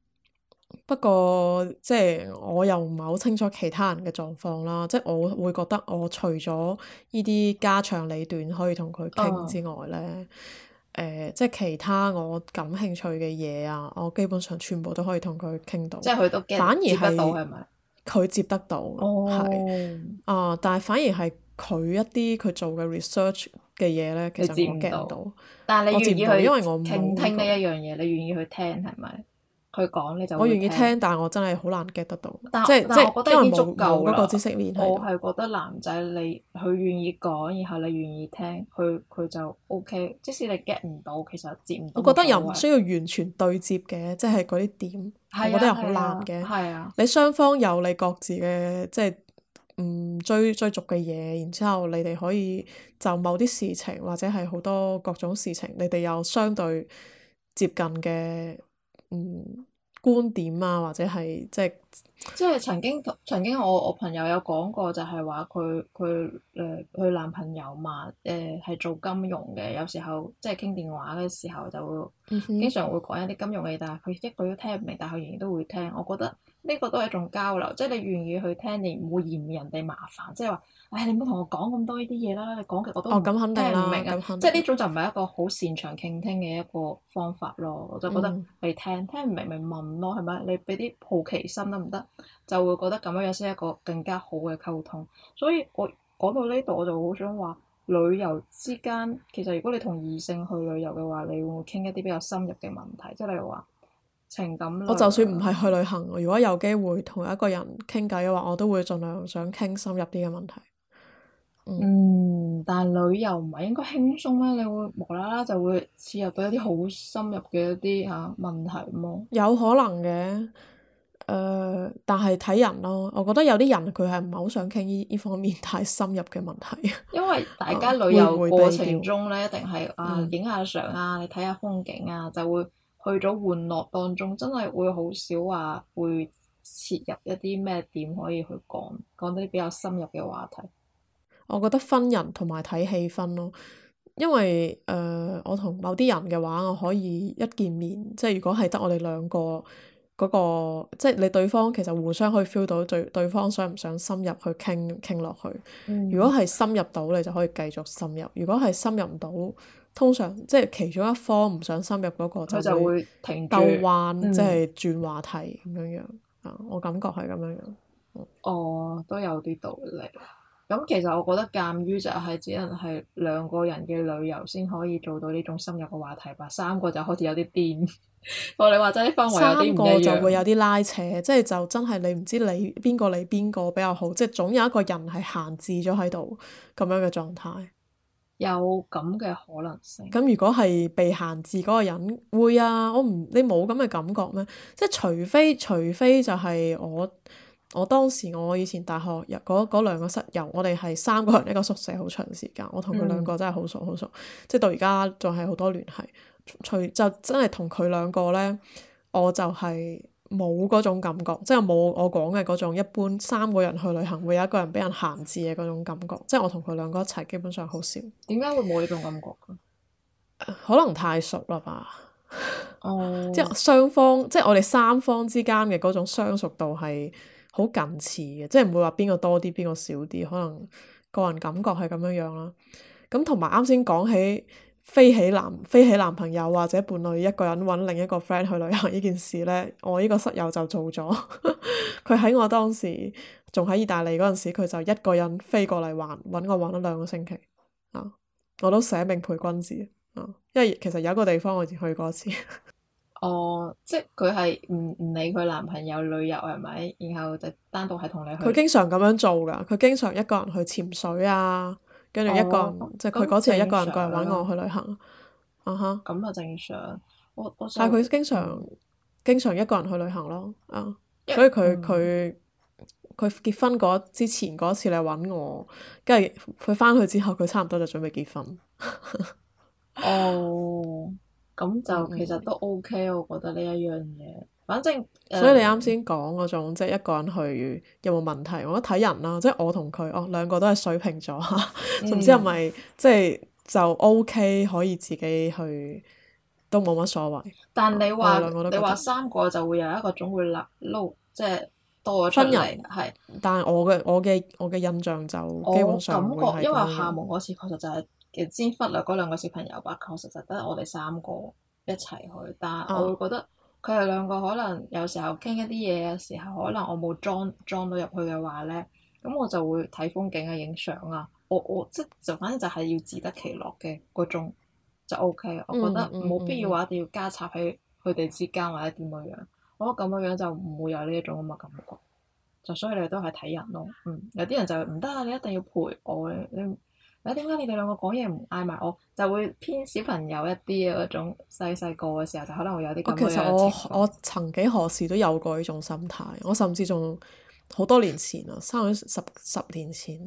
C: 不過即係我又唔係好清楚其他人嘅狀況啦，即係我會覺得我除咗呢啲家長裏短可以同佢傾之外咧，誒、哦呃，即係其他我感興趣嘅嘢啊，我基本上全部都可以同佢傾到。即係佢都驚接得到係咪？佢接得到，係啊、哦呃，但係反而係佢一啲佢做嘅 research 嘅嘢咧，佢接唔到。但係你願意去傾聽呢
B: 一樣嘢，你願意去聽係咪？佢講你就我願意聽，
C: 但係我真係好難 get 得到。但係即係因為冇嗰個知識面，我
B: 係覺得男仔你佢願意講，然後你願意聽，佢佢就 OK。即使你 get 唔到，其實接唔到。我覺得又唔需
C: 要完全對接嘅，即係嗰啲點，我覺得又好難嘅。係啊，啊啊你雙方有你各自嘅即係唔追追逐嘅嘢，然之後你哋可以就某啲事情或者係好多各種事情，你哋有相對接近嘅。嗯，觀點啊，或者係即係，即係曾經曾經我我朋友有講過就，就係話佢
B: 佢誒佢男朋友嘛誒係、呃、做金融嘅，有時候即係傾電話嘅時候就會，嗯、哼經常會講一啲金融嘅嘢，但係佢一句都聽唔明，但係佢仍然都會聽，我覺得。呢個都係一種交流，即係你願意去聽，你唔會嫌人哋麻煩，即係話，唉、哎，你唔好同我講咁多呢啲嘢啦，你講嘅我都聽唔明、哦、肯定肯定即係呢種就唔係一個好擅長傾聽嘅一個方法咯，我就覺得你聽、嗯、聽唔明咪問咯，係咪？你俾啲好奇心得唔得？就會覺得咁樣樣先係一個更加好嘅溝通。所以我講到呢度，我就好想話旅遊之間，其實如果你同異性去旅遊嘅話，你會唔會傾一啲比較深入嘅問題，即係例如話。情感咯，我就算
C: 唔係去旅行，如果有機會同一個人傾偈嘅話，我都會盡量想傾深入啲嘅問題。嗯，嗯，但係旅遊唔係應該輕鬆咩？你會無啦啦就會
B: 切入到一啲好深入嘅一啲啊問題？
C: 有可能嘅，誒、呃，但係睇人咯。我覺得有啲人佢係唔係好想傾呢呢方面太深入嘅問題，
B: 因為大家旅遊過程中咧，一定係啊，影下相啊，你睇下風景啊，就會。去咗玩樂當中，真係會好少話會切入一啲咩點可以去講講啲比較深入嘅話題。
C: 我覺得分人同埋睇氣氛咯，因為誒、呃、我同某啲人嘅話，我可以一見面，即係如果係得我哋兩個嗰個，即係你對方其實互相可以 feel 到對對方想唔想深入去傾傾落去。嗯、如果係深入到，你就可以繼續深入；如果係深入唔到，通常即係其中一方唔想深入嗰、那個，就會兜彎，患嗯、即係轉話題咁、嗯、樣樣啊！我感覺係咁樣樣。哦，都有啲道理。咁、嗯嗯、
B: 其實我覺得，鑒於就係只能係兩個人嘅旅遊先可以做到呢種深入
C: 嘅話題吧。三個就開始有啲癲。
B: 哦， 你話真係啲氛圍有啲唔一樣。三個就會有
C: 啲拉扯，即係就真係你唔知你邊個你邊個比較好，即係總有一個人係閒置咗喺度咁樣嘅狀態。有咁嘅可能性。咁如果係被限制嗰個人，會啊，我唔你冇咁嘅感覺咩？即係除非除非就係我，我當時我以前大學入嗰嗰兩個室友，我哋係三個人一個宿舍好長時間，我同佢兩個真係好熟好、嗯、熟，即係到而家仲係好多聯繫。除就真係同佢兩個咧，我就係、是。冇嗰種感覺，即係冇我講嘅嗰種一般三個人去旅行會有一個人俾人閒置嘅嗰種感覺，即係我同佢兩個一齊基本上好少。點解會冇呢種感覺？ 可能太熟啦吧。Oh. 即係雙方，即係我哋三方之間嘅嗰種相熟度係好近似嘅，即係唔會話邊個多啲，邊個少啲，可能個人感覺係咁樣樣啦。咁同埋啱先講起。飛起男，飛起男朋友或者伴侶，一個人揾另一個 friend 去旅行呢件事呢，我呢個室友就做咗。佢 喺我當時仲喺意大利嗰陣時，佢就一個人飛過嚟玩，揾我玩咗兩個星期。啊，我都捨命陪君子，啊，因為其實有一個地方我只去過一次。哦，即係佢係唔唔理佢男朋
B: 友旅遊係咪？然後就單獨係同你去。佢經常
C: 咁樣做㗎，佢經常一個人去潛水啊。跟住一個即係佢嗰次係一個人過嚟揾我去旅行，嗯、啊哈！咁就正常，我我但係佢經常經常一個人去旅行咯，啊！耶所以佢佢佢結婚嗰之前嗰次嚟揾我，跟住佢返去之後，佢差唔多就準備結婚。 哦，咁
B: 就其實都 OK、嗯、我覺得呢一樣嘢。
C: 反正，所以你啱先講嗰種即係一個人去有冇問題？我覺得睇人啦，即係我同佢，哦兩個都係水瓶座，嗯、甚至係咪即係就 O、OK, K 可以自己去都冇乜所謂。
B: 但你話、啊、你話三個就會有一個總會立 l 即係多咗出嚟。係
C: 人。是但係我嘅我嘅我嘅印象就基本上感覺因為廈門
B: 嗰次確實就係、是、知忽略嗰兩個小朋友吧，吧確實就得我哋三個一齊去，但係我會覺得、嗯。嗯佢哋兩個可能有時候傾一啲嘢嘅時候，可能我冇裝裝到入去嘅話咧，咁我就會睇風景啊、影相啊，我我即就反正就係要自得其樂嘅嗰種就 OK，我覺得冇必要話一定要加插喺佢哋之間或者點樣，嗯嗯、我覺得咁樣樣就唔會有呢一種咁嘅感覺，就所以你都係睇人咯，嗯，有啲人就唔得啊，你一定要陪我你。啊！點解你哋兩個講嘢唔嗌埋，我就會偏小朋友一啲嘅嗰種 Okay. 細細個嘅時候，就可能會有啲
C: 咁多，其實我我曾幾何時都有過呢種心態，我甚至仲好多年前啊，三十十年前，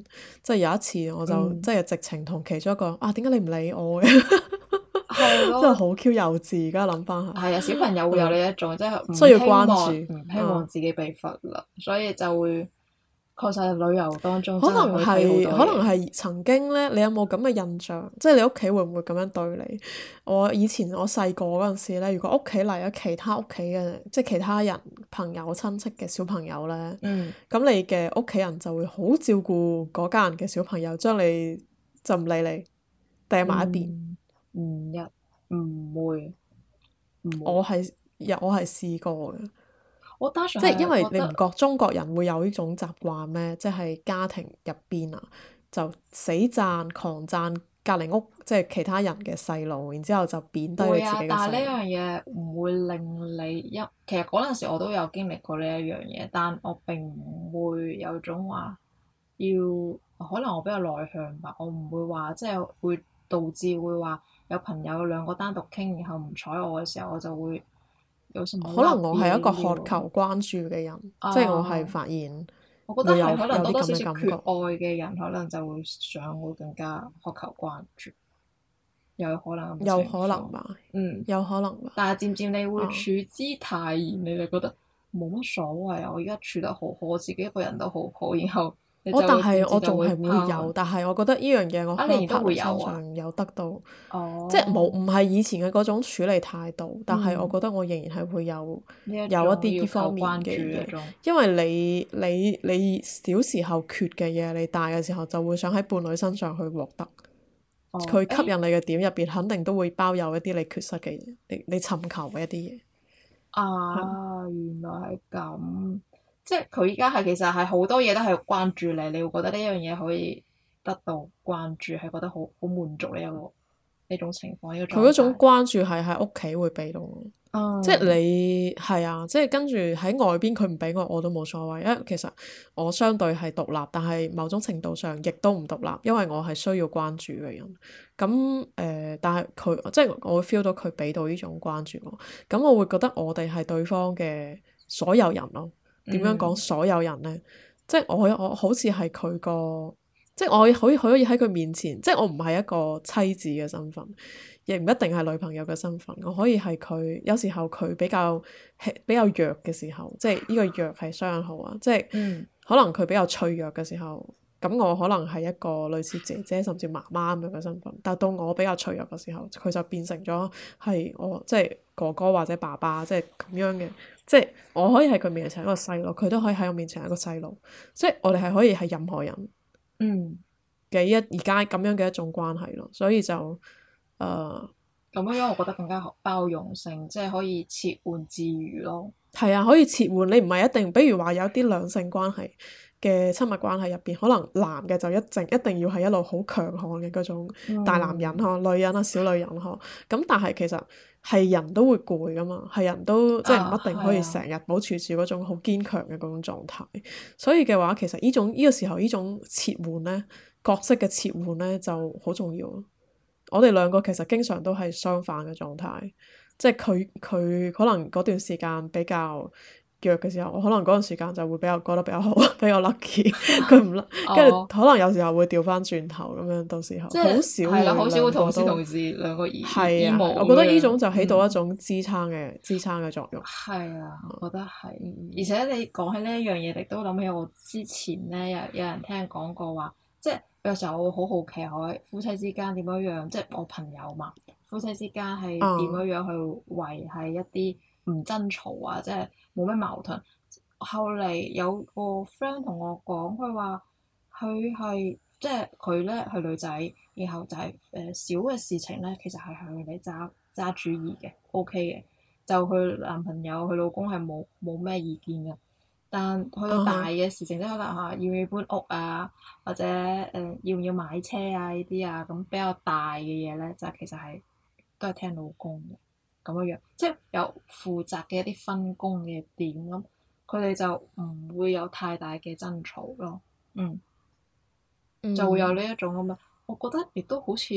C: 即、就、係、是、有一次我就、嗯、即係直情同其中一個啊，點解你唔理我嘅？係
B: 咯的， 真係
C: 好 Q 幼稚。而家諗翻下，係啊，小朋友會有呢一
B: 種，嗯、即係需要關注，唔希望自己被忽略，嗯、所以就會。其實係旅遊當中，可能係可能
C: 係曾經咧，你有冇咁嘅印象？即係你屋企會唔會咁樣對你？我以前我細個嗰陣時咧，如果屋企嚟咗其他屋企嘅，即係其他人朋友親戚嘅小朋友咧，咁、嗯、你嘅屋企人就會好照顧嗰家人嘅小朋友，將你就唔理你，掟埋一邊。唔入、嗯，唔會。會我係入，我係試過嘅。即係因為你唔覺中國人會有呢種習慣咩？即係家庭入邊啊，就死讚狂讚隔離屋，即係其他人嘅細路，然之後就貶低自己嘅細路。會啊，但係呢樣
B: 嘢唔會令你一其實嗰陣時我都有經歷過呢一樣嘢，但我並唔會有種話要，可能我比較內向吧，我唔會話即係會導致會話有朋友兩個單獨傾，然後唔睬我嘅時候，我就會。可能我係一個渴求
C: 關注嘅人，
B: 啊、即係我係發現，
C: 我覺得係可能有啲少少缺
B: 愛嘅人，可能就會想會更加渴求關注，有、有可能，嗯、有可能嘛，嗯，有可能。但係漸漸你會處之泰然，啊、你就覺得冇乜所謂啊！我而家處得好好，我自己一個人都好好，然後。我但係我仲係會有，但
C: 係我覺得呢樣嘢我可能 partner 身上有得到，
B: 即係冇
C: 唔係以前嘅嗰種處理態度，但係我覺得我仍然係會有
B: 有一啲呢方
C: 面嘅嘢，因為你你你小時候缺嘅嘢，你大嘅時候就會想喺伴侶身上去獲得，佢吸引你嘅點入邊肯定都會包有一啲你缺失嘅嘢，你你尋求嘅一啲嘢。啊，原來係咁。
B: 即係佢依家係，其實係好多嘢都係關注你，你會覺得呢樣嘢可以得到關注，係覺得好好滿足呢一個呢種情況。呢個佢嗰
C: 種關注係喺屋企會俾到，我，oh. 即係你係啊，即係跟住喺外邊佢唔俾我，我都冇所謂。因為其實我相對係獨立，但係某種程度上亦都唔獨立，因為我係需要關注嘅人。咁誒、呃，但係佢即係我會 feel 到佢俾到呢種關注我，咁我會覺得我哋係對方嘅所有人咯。點樣講所有人咧？即係我我好似係佢個，即係我可以可以喺佢面前，即係我唔係一個妻子嘅身份，亦唔一定係女朋友嘅身份。我可以係佢有時候佢比較比較弱嘅時候，即係呢個弱係傷口啊！即係可能佢比較脆弱嘅時候，咁我可能係一個類似姐姐甚至媽媽咁樣嘅身份。但到我比較脆弱嘅時候，佢就變成咗係我即係哥哥或者爸爸即係咁樣嘅。即係我可以喺佢面前一個細路，佢都可以喺我面前一個細路，即係我哋係可以係任何人嘅一而家咁樣嘅一種關係咯。所以就誒咁、呃、樣，我覺得更加包容性，即係可以切換自如咯。係啊，可以切換，你唔係一定，比如話有啲兩性關係。嘅親密關係入邊，可能男嘅就一定一定要係一路好強悍嘅嗰種大男人呵，嗯、女人啊小女人呵，咁但係其實係人都會攰噶嘛，係人都、啊、即係唔一定可以成日保持住嗰種好堅強嘅嗰種狀態。啊、所以嘅話，其實呢種呢、呢個時候呢種切換咧角色嘅切換咧就好重要。我哋兩個其實經常都係相反嘅狀態，即係佢佢可能嗰段時間比較。約嘅時候，我可能嗰陣時間就會比較過得比較好，比較 lucky。佢唔 lucky，跟住可能有時候會調翻轉頭咁樣，到時候即係好少會好少會同時同時兩個兒兒係啊，我覺得呢種就起到一種支撐嘅、嗯、支撐嘅作用。係啊，我覺得係。而且
B: 你講起呢一樣嘢，你都諗起我之前咧有有人聽講過話，即係有時候我好好奇，我夫妻之間點樣樣，即係我朋友嘛，夫妻之間係點樣樣去維係一啲。唔爭吵啊，即係冇咩矛盾。後嚟有個 friend 同我講，佢話佢係即係佢咧係女仔，然後就係、是、誒、呃、小嘅事情咧，其實係佢哋揸揸主意嘅，OK 嘅。就佢男朋友、佢老公係冇冇咩意見嘅。但去到大嘅事情，即可能話要唔要搬屋啊，或者誒、呃、要唔要買車啊呢啲啊，咁比較大嘅嘢咧，就其實係都係聽老公嘅。咁嘅樣，即係有負責嘅一啲分工嘅點咁，佢哋就唔會有太大嘅爭吵咯。嗯，嗯就會有呢一種咁啊。我覺得亦都好似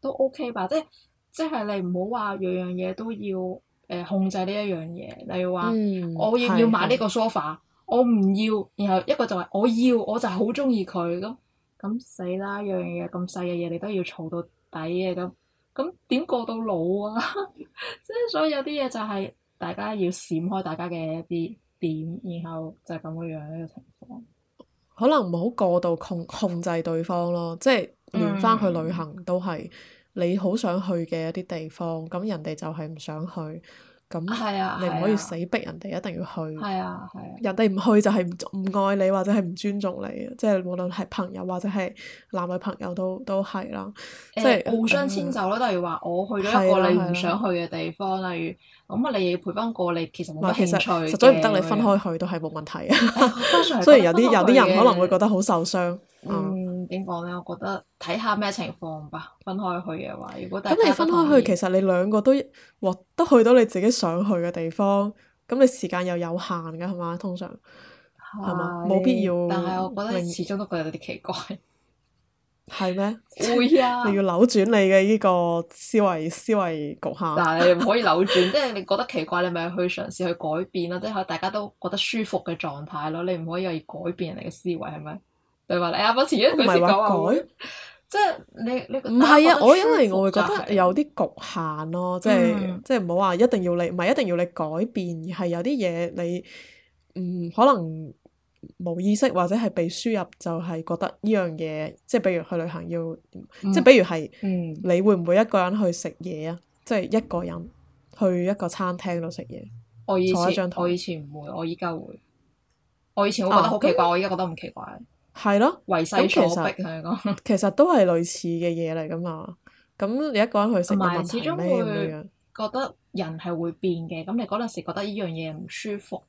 B: 都 OK 吧，即係即係你唔好話樣樣嘢都要誒、呃、控制呢一樣嘢。例如話，我要要買呢個 sofa，我唔要，然後一個就係我要，我就好中意佢咁。咁死啦！樣樣嘢咁細嘅嘢，你都要吵到底嘅咁。咁點過到老啊？即係所以有啲嘢就係大家要閃開大家嘅一啲
C: 點，然後就係咁嘅樣一個情況。可能唔好過度控控制對方咯，即係連翻去旅行都係你好想去嘅一啲地方，咁、嗯、人哋就係唔想去。咁你唔可以死逼人哋一定要去，啊啊啊、人哋唔去就係唔唔愛你或者係唔尊重你，即係無論係朋友或者係男女朋友都都係啦，即係互相遷就啦。呃嗯、例如
B: 話我去咗一個你唔想去嘅地方，啊啊、例如咁啊，你陪翻過你，其實冇興趣，其實，實在唔得你分
C: 開去都係冇問題啊。 雖然有啲有啲人可能會覺得好受傷。嗯，
B: 點講咧？我覺得睇下咩情況吧。分開去嘅話，如果大家你分開去，其
C: 實你兩個都獲得去到你自己想去嘅地方。咁你時間又有限嘅係嘛？通常係嘛？冇是必要。但係我覺得你始終都覺得有啲奇怪。係咩？會啊！ 你要扭轉你嘅呢個思維思維局限。但係，你唔可以扭轉，
B: 即係你覺得奇怪，你咪去嘗試去改變咯，即係大家都覺得舒服嘅狀態咯。你唔可以，以為改變人哋嘅思維係咪？你話你阿媽前一句講話改， 即係你你唔係啊！我因為我會覺得
C: 有啲局限咯，啊，即係即係唔好話一定要你，唔係一定要你改變，而係有啲嘢你，嗯，可能冇意識或者係被輸入，就係、是、覺得呢樣嘢，即係比如去旅行要，嗯，即係比如係，你會唔會一個人去食嘢啊？即、就、係、是、一個人去一個餐廳度食嘢？我以前我以前唔會，我依
B: 家會。我以前會覺得好奇怪，啊，我依家覺得唔奇怪。
C: 係咯，維繫躲其實都係類似嘅嘢嚟噶嘛。咁你一個人去始終會
B: 覺得人係會變嘅。咁你嗰陣時覺得依樣嘢唔舒服，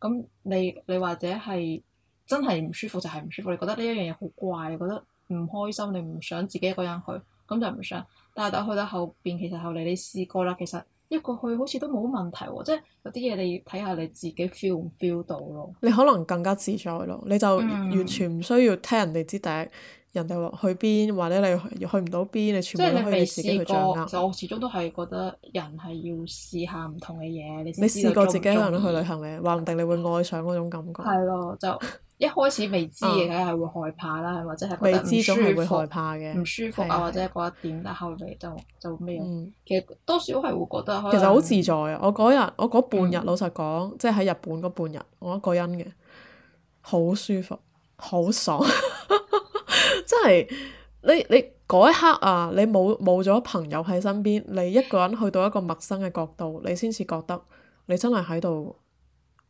B: 咁你你，或者係真係唔舒服就係唔舒服。你覺得呢一樣嘢好怪，你覺得唔開心，你唔想自己一個人去，咁就唔想。但係等去到後邊，其實後嚟你試過啦，其實。一個去好似都冇問題喎，即係有啲嘢你睇下你自己 feel 唔 feel 到咯。
C: 你可能更加自在咯，你就完全唔需要聽人哋指笛，嗯、人哋話去邊或者你去唔到邊，你全部都可以自己去，自己去掌握。就其實我
B: 始終都係覺得人係要試下唔同嘅嘢，你，你，試，過你試過自己可能去旅行嘅
C: 話唔定你會愛上嗰種感覺。係
B: 咯，就。 一開始未知嘅，梗係、啊、會害怕啦，或者係覺得未知會害怕嘅，唔舒服啊，的或者嗰一點，但後嚟就就咩、嗯、其實多少係會覺得其實好自
C: 在啊！我嗰日我嗰半日，嗯、老實講，即係喺日本嗰半日，我一個人嘅，好舒服，好爽， 真係你你嗰一刻啊，你冇冇咗朋友喺身邊，你一個人去到一個陌生嘅角度，你先至覺得你真係喺度。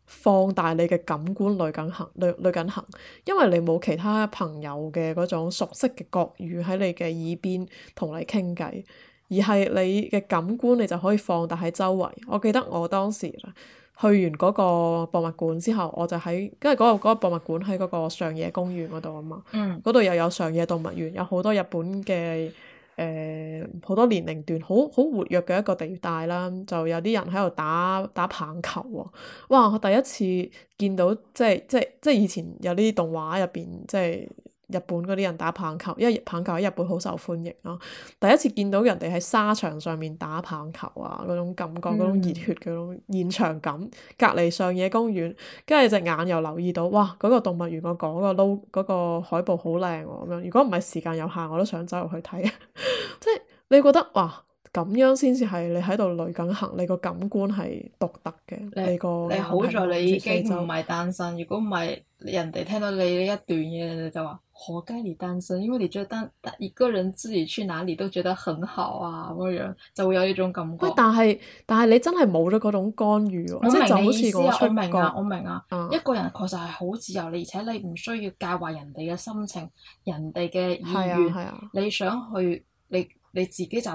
C: 放大你嘅感官，旅緊行旅旅緊行，因為你冇其他朋友嘅嗰種熟悉嘅國語喺你嘅耳邊同你傾偈，而係你嘅感官你就可以放大喺周圍。我記得我當時去完嗰個博物館之後，我就喺，因為嗰個嗰個博物館喺嗰個上野公園嗰度啊嘛，嗰度、嗯、又有上野動物園，有好多日本嘅。誒，好、uh, 多年齡段好好活躍嘅一個地帶啦，就有啲人喺度打打棒球喎，哇！我第一次見到，即係即係即係以前有啲動畫入邊，即係。日本嗰啲人打棒球，因為棒球喺日本好受歡迎啊。第一次見到人哋喺沙場上面打棒球啊，嗰種感覺、嗰種熱血嗰種，現場感。嗯、隔離上野公園，跟住隻眼又留意到，哇！嗰、嗰個動物園我講、嗰個撈嗰、嗰個海報好靚喎咁樣。如果唔係時間有限，我都想走入去睇。 即係你覺得哇～咁樣先至係你喺度旅緊行，你個感官係獨特嘅。你個你，你好在你已經唔
B: 係單身，如果唔係人哋聽到你呢一段嘢，你就話何解你單身，因為你覺得單一個人自己去哪裡都覺得很好啊，咁樣就會有呢種感
C: 覺。但係但係你真係冇咗嗰種干預喎、啊，即係、啊、就好似出國，我明啊，
B: 我明啊，嗯、一個人確實係好自由，你而且你唔需要介懷人哋嘅心情、人哋嘅意願。啊啊、你想去你。你自己就去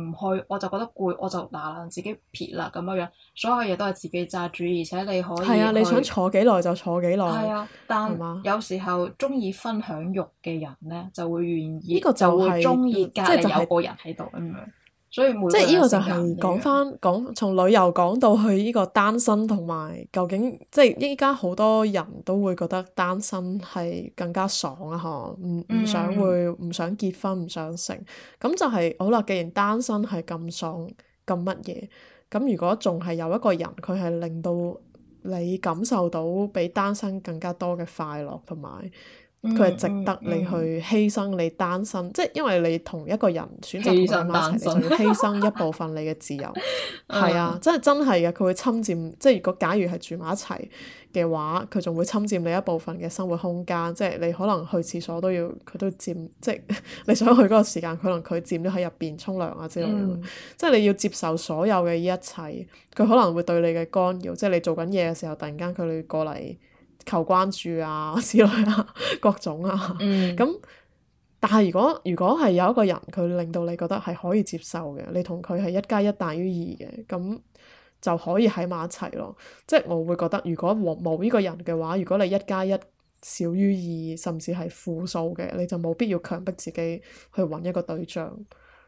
B: 唔去，我就覺得攰，我就嗱嗱自己撇啦咁樣樣，所有嘢都係自己揸住，而且你可以係啊，你想坐
C: 幾耐就坐幾耐。係啊，
B: 但係嗎？有時候中意分享慾嘅人咧，
C: 就會願意呢、就係、就會中意、就係，即、就、係、係、有個人喺度咁樣。嗯所以，即係呢個就係講翻講從旅遊講到去呢個單身同埋究竟即係依家好多人都會覺得單身係更加爽啊呵，唔唔、嗯、想會唔想結婚唔想成，咁就係、是、好啦。既然單身係咁爽咁乜嘢，咁如果仲係有一個人佢係令到你感受到比單身更加多嘅快樂同埋。
B: 佢係值得你去
C: 犧牲你單身，嗯嗯、即係因為你同一個人選擇住埋一齊，你就要犧牲一部分你嘅自由。係 啊，嗯、即真係真係嘅，佢會侵佔。即係如果假如係住埋一齊嘅話，佢仲會侵佔你一部分嘅生活空間。即係你可能去廁所都要，佢都佔。即係你想去嗰個時間，可能佢佔咗喺入邊沖涼啊之類。嗯、即係你要接受所有嘅呢一切，佢可能會對你嘅干擾。即係你做緊嘢嘅時候，突然間佢會過嚟。求關注啊之類啊各種啊，咁、嗯、但係如果如果係有一個人佢令到你覺得係可以接受嘅，你同佢係一加一大於二嘅，咁就可以喺埋一齊咯。即係我會覺得，如果冇呢個人嘅話，如果你一加一小於二，甚至係負數嘅，你就冇必要強迫自己去揾一個對象。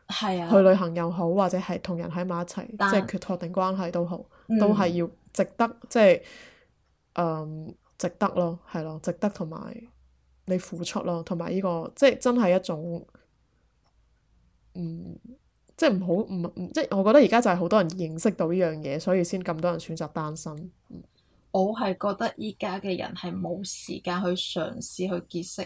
C: 係啊、去旅行又好，或者係同人喺埋一齊，但即係決策定關係都好，嗯、都係要值得。即係，嗯值得咯，係咯，值得同埋你付出咯，同埋呢個即係真係一種，嗯，即係唔好唔、嗯、即係我覺得而家就係好多人認識到呢樣嘢，所以先咁多人選擇單身。我係
B: 覺得依家嘅人係冇時間去嘗試去結識，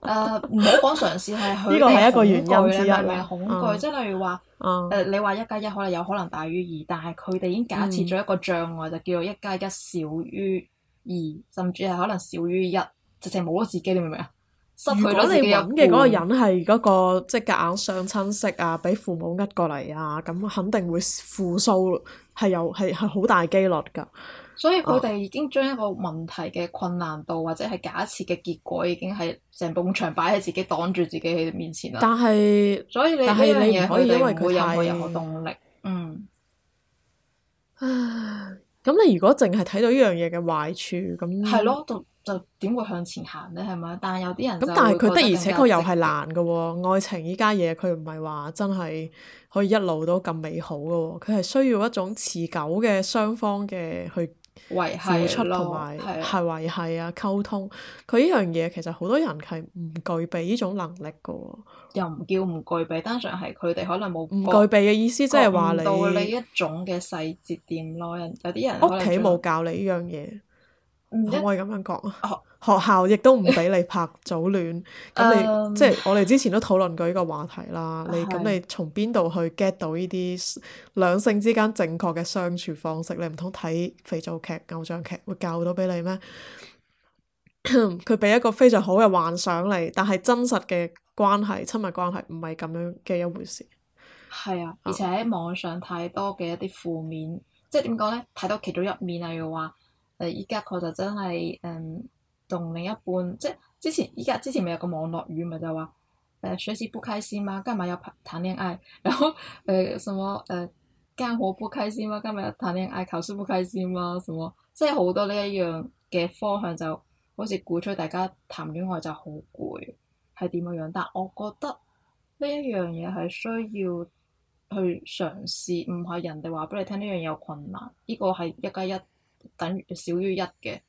B: 呃唔好講嘗試係呢個係一個原因之一，係咪恐懼，即係、嗯、例如話、嗯呃、你話一加一可能有可能大於二，但係佢哋已經假設咗一個障礙，就叫做一加一小
C: 於。二甚至係可能少於一，直情冇咗自己，你明唔明啊？
B: 失去如果你揾嘅嗰個人
C: 係嗰、嗰個，即係夾硬上親戚啊，俾父母呃過嚟啊，咁肯定會負數，係有係係好大機率噶。所以佢哋
B: 已經將一個問題嘅困難度或者係假設嘅結果，已經喺成埲牆擺喺自己擋住自己喺面前啦。但
C: 係是所以你呢，你可以因為佢哋唔會有任何，有何動力。嗯。咁你如果淨係睇到呢樣嘢嘅壞處，咁係咯，就就點會向前行咧？係咪？但係有啲人咁，但係佢的而且確又係難㗎喎、哦。愛情呢家嘢佢唔係話真係可以一路都咁美好㗎喎，佢係需要一種持久嘅雙方嘅去。維繫咯，係同埋維繫啊，溝通。佢呢樣嘢其實好多人係唔具備呢種能力嘅喎。又唔叫唔具備，單純係佢哋可能冇。唔具備嘅意思即係話你。到呢一種嘅細節點咯，有啲人屋企冇教你呢樣嘢，可唔是可以咁樣講啊？學校亦都唔俾你拍早戀，咁 你、um, 即係我哋之前都討論過呢個話題啦。 你咁你從邊度去 get 到呢啲兩性之間正確嘅相處方式？你唔通睇肥皂劇、偶像劇會教到俾你咩？佢俾 一個非常好嘅幻想嚟，但係真實嘅關係、親密關係唔係咁樣嘅一回事。係啊，啊而且喺
B: 網上太多嘅一啲負面，即係點講咧？睇到其中一面，例如話誒，依家確實真係誒。同另一半即係之前依家之前咪有個網絡語咪就話、是、誒，學、呃、習不開心嗎、啊？今日要談戀愛，然後誒、呃、什麼誒，艱、呃、苦不開心嗎、啊？今日要談戀愛，求舒服不開心嗎、啊？什麼，即係好多呢一樣嘅方向就，就好似鼓吹大家談戀愛就好攰係點樣樣，但我覺得呢一樣嘢係需要去嘗試，唔係人哋話俾你聽呢樣嘢有困難，呢、這個係一加一,一等於小於一嘅。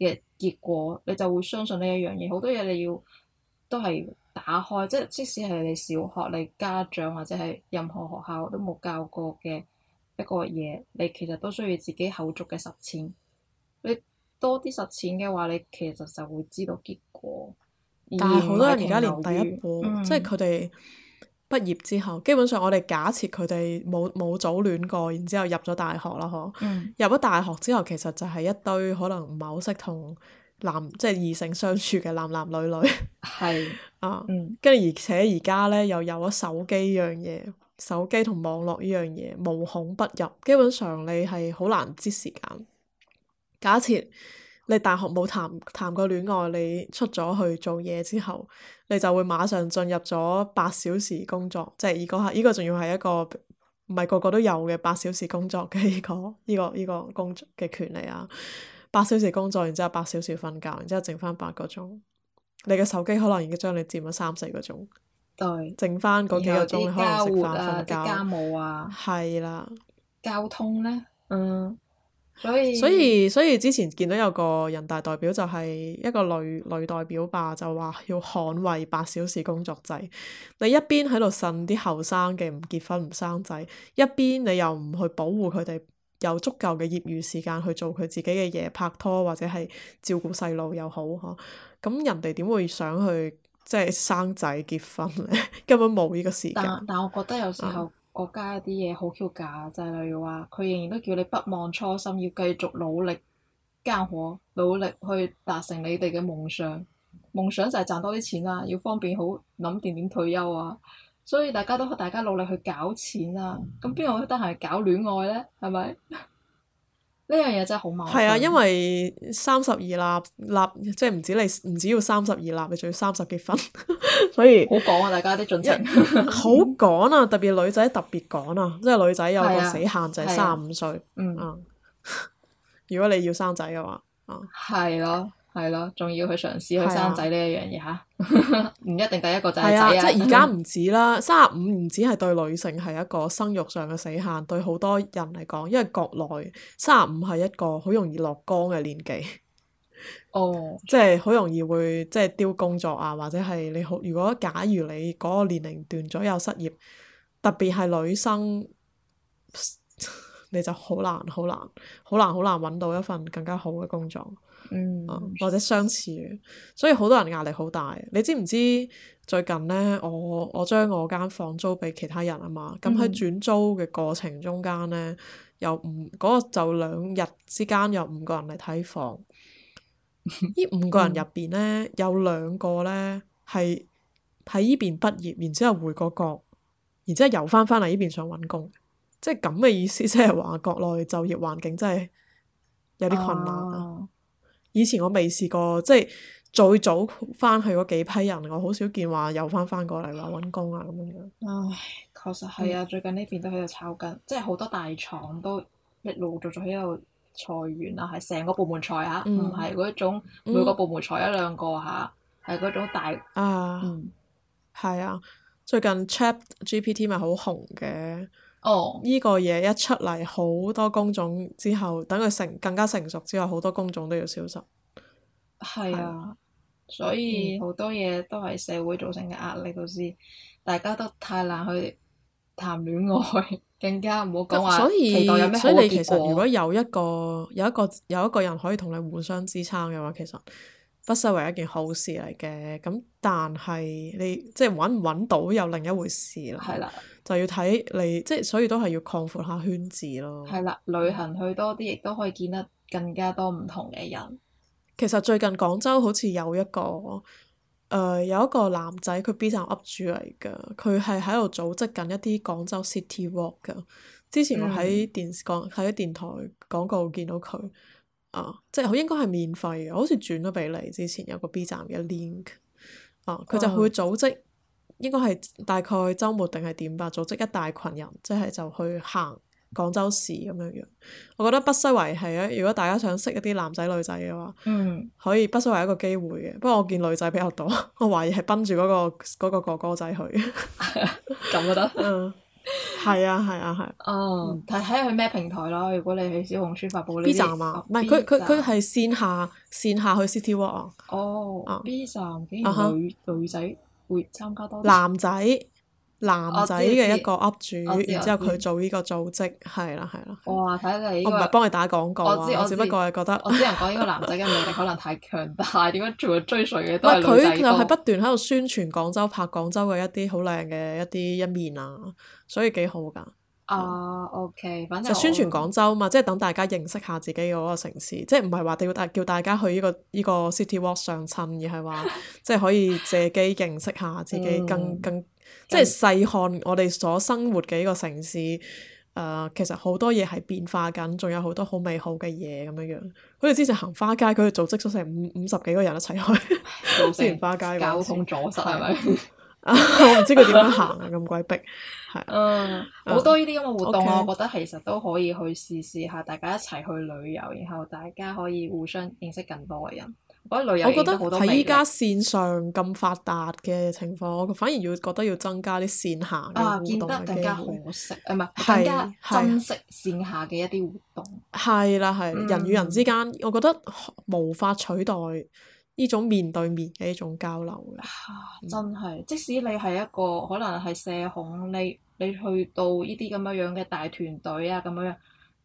B: 嘅結果，你就會相信呢一樣嘢。好多嘢你要都係打開，即係即使係你小學，你家長或者係任何學校都冇教過嘅一個嘢，你其實都需要自己後續嘅實踐。你多啲實踐嘅話，你其實就就會知道結果。但係好多人而家連第一步，嗯、即係
C: 佢哋。畢業之後，基本上我哋假設佢哋冇冇早戀過，然之後入咗大學啦，嗬、嗯。入咗大學之後，其實就係一堆可能唔係好識同男即係異性相處嘅男男女女。係是。啊。跟住、嗯、而且而家咧又有咗手機呢樣嘢，手機同網絡呢樣嘢無孔不入，基本上你係好難知時間。假設。你大學冇談談過戀愛，你出咗去做嘢之後，你就會馬上進入咗八小時工作，即係而嗰下依個仲、呢個、要係一個唔係個個都有嘅八小時工作嘅呢、呢個呢、呢個依、呢個工作嘅權利啊！八小時工作，然之後八小時瞓覺，然之後剩翻八個鐘，你嘅手機可能已經將你佔咗三四個鐘，對，剩翻嗰幾個鐘可能食飯瞓覺。係啦、啊，
B: 交通呢。嗯。所以
C: 所以之前見到有個人大代表就係一個女女代表吧，就話要捍衞八小時工作制。你一邊喺度呻啲後生嘅唔結婚唔生仔，一邊你又唔去保護佢哋有足夠嘅業餘時間去做佢自己嘅嘢，拍拖或者係照顧細路又好呵。咁人哋點會想去即係、就是、生仔結婚咧？根本冇呢個時間。但但我覺得有時候、嗯。國家啲
B: 嘢好 Q 假，就係例如話，佢仍然都叫你不忘初心，要繼續努力艱苦努力去達成你哋嘅夢想。夢想就係賺多啲錢啦，要方便好諗點點退休啊。所以大家都大家努力去搞錢啊，咁邊個得閒搞戀愛呢？係咪？呢樣嘢真係好矛盾。係啊，因為
C: 三十二立而立，即係唔止你唔止要三十而立，你仲要三十結婚。 所以好趕啊，大家啲進程 好趕啊，特別女仔特別趕啊，即係女仔有個死限就係三十五歲。啊、歲嗯，如果你要生仔嘅話，啊、嗯，係咯係咯，仲要去嘗試去生仔呢一樣嘢吓，唔
B: 的 一定第一個就係仔啊。即係而家唔
C: 止啦，三十五唔止係對女性係一個生育上嘅死限，嗯、對好多人嚟講，因為國內三十五係一個好容易落崗嘅年紀。哦，oh. 即係好容易會即係丟工作啊，或者係你好，如果假如你嗰個年齡段左右失業，特別係女生，oh. 你就好難好難好難好難揾到一份更加好嘅工作，嗯，mm. 或者相似嘅，所以好多人壓力好大。你知唔知最近咧，我我將我間房租俾其他人啊嘛，咁喺、mm hmm. 轉租嘅過程中間咧，有唔嗰個就兩日之間有五個人嚟睇房。呢 五個人入邊咧，有兩個咧係喺呢邊畢業，然之後回過國，然之後又翻翻嚟呢邊想搵工，即係咁嘅意思，即係話國內就業環境真係有啲困難啊！以前我未試過，即係最早翻去嗰幾批人，我好少見話又翻翻過嚟話搵工啊咁樣。唉，確實係啊，嗯、
B: 最近呢邊都喺度炒緊，即係好多大廠都一路做做喺度。裁員啊，係成個部門
C: 裁下，唔係嗰種
B: 每個部門裁一兩個吓，係嗰、嗯、種大
C: 啊，係、嗯、啊。最近 Chat GPT 咪好紅嘅，哦，呢個嘢一出嚟，好多工種之後，等佢成更加成熟之後，好多工種都要消失。係啊，啊
B: 所以好多嘢都係社會造成嘅壓力，到時、嗯，大家都太難去。談戀愛更加唔好講話期待有咩好結果。所以，所以你其實如
C: 果有一個有一個有一個人可以同你互相支撐嘅話，其實不失為一件好事嚟嘅。咁但係你即係揾唔揾到又另一回事啦。係啦的，就要睇你即係所以都係要擴闊下圈子咯。係啦，旅行
B: 去多啲亦都可以見得
C: 更加多唔同嘅人。其實最近廣州好似有一個。誒、呃、有一個男仔，佢 B 站 Up 主嚟㗎，佢係喺度組織緊一啲廣州 City Walk 㗎。之前我喺電視講喺、嗯、電台廣告見到佢，啊，即係應該係免費嘅，好似轉咗畀你。之前有一個 B 站嘅 link，啊，佢就去組織，哦、應該係大概週末定係點吧？組織一大群人，即係就去行。廣州市咁樣樣，我覺得不失為係啊。如果大家想識一啲男仔女仔嘅話，嗯、可以不失為一個機會嘅。不過我見女仔比較多，我懷疑係奔住嗰、嗰個嗰個哥哥仔去。咁覺得？嗯，係啊係啊
B: 係。哦、啊，睇睇佢咩平台咯。如果你喺小紅書發布呢，B 站啊，唔係佢佢，佢
C: 係線下線下去 city walk 啊。哦。啊、嗯、
B: B 站竟然女、
C: uh huh、女仔會參加多？男仔。男仔嘅一個 up 主，然之後佢做呢個組織，係啦係啦。我唔係幫你打廣告啊，我只不過係覺得啲人講呢個男仔嘅魅力可能太強大，點解 全部追隨嘅都係女仔。唔係佢又係不斷喺度宣傳廣州，拍廣州嘅一啲好靚嘅一啲一面啊，所以幾好㗎。啊，OK，反
B: 正就宣傳廣
C: 州啊嘛，即係等大家認識下自己嘅嗰個城市，即係唔係話要大叫大家去呢個呢個 city walk 上襯，而係話即係可以借機認識下自己更更。 嗯。即係細看我哋所生活嘅呢個城市，誒、呃，其實好多嘢係變化緊，仲有好多好美好嘅嘢咁樣樣。好似之前行花街，佢哋組織咗成五五十幾個人一齊去。嗯、 之前花街交通阻塞係咪？我唔知佢點樣行啊，咁鬼逼。
B: 係啊，好多呢啲咁嘅活動，Okay. 我覺得其實都可以去試試下，大家一齊去旅遊，然後大家可以互相認識更多嘅人。
C: 類我覺得喺依家線上咁發達嘅情況，我反而要覺得要增加啲線下嘅活動，啊、見得更加可惜。唔係是，更加珍惜線下嘅一啲活動。係啦係，人與人之間，我覺得無法取代呢種面對面嘅一種交流嘅，啊。
B: 真係，即使你係一個可能係社恐，你你去到呢啲咁樣樣嘅大團隊啊，咁樣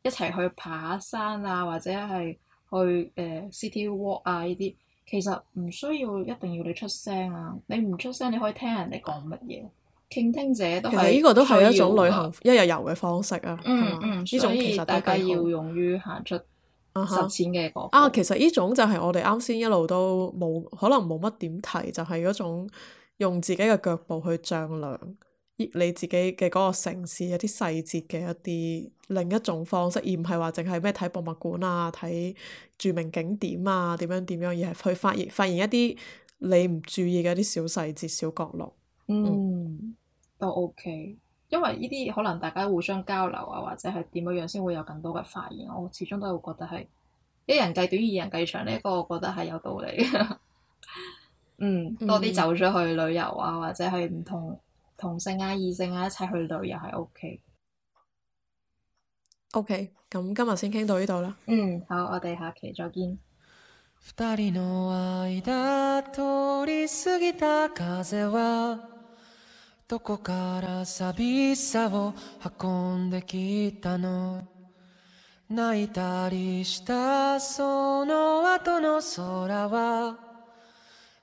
B: 一齊去爬山啊，或者係～去誒、呃、city walk 啊呢啲，其實唔需要一定要你出聲啊，你唔出聲你可以聽人哋講乜嘢，傾聽者都係呢個都係一種旅行
C: 一日遊嘅方式啊。嗯嗯，吧呢種其實大家要用於行出實踐嘅嗰。啊，其實呢種就係我哋啱先一路都冇，可能冇乜點提，就係、是、嗰種用自己嘅腳步去丈量。你自己嘅嗰個城市有啲細節嘅一啲另一種方式，而唔係話淨係咩睇博物館啊、睇著名景點啊、點樣點樣，而係去發現發現一啲你唔注意嘅一啲小細節、小角落。嗯，嗯都 OK。
B: 因為呢啲可能大家互相交流啊，或者係點樣樣先會有更多嘅發現。我始終都會覺得係一人計短，二人計長呢一個我覺得係有道理。 嗯，多啲走咗去旅遊啊，嗯、或者係唔同。同性啊，異性啊，一齊去旅遊係 OK。OK，咁今日先傾到
A: 呢度啦。嗯，好，我哋下期再見。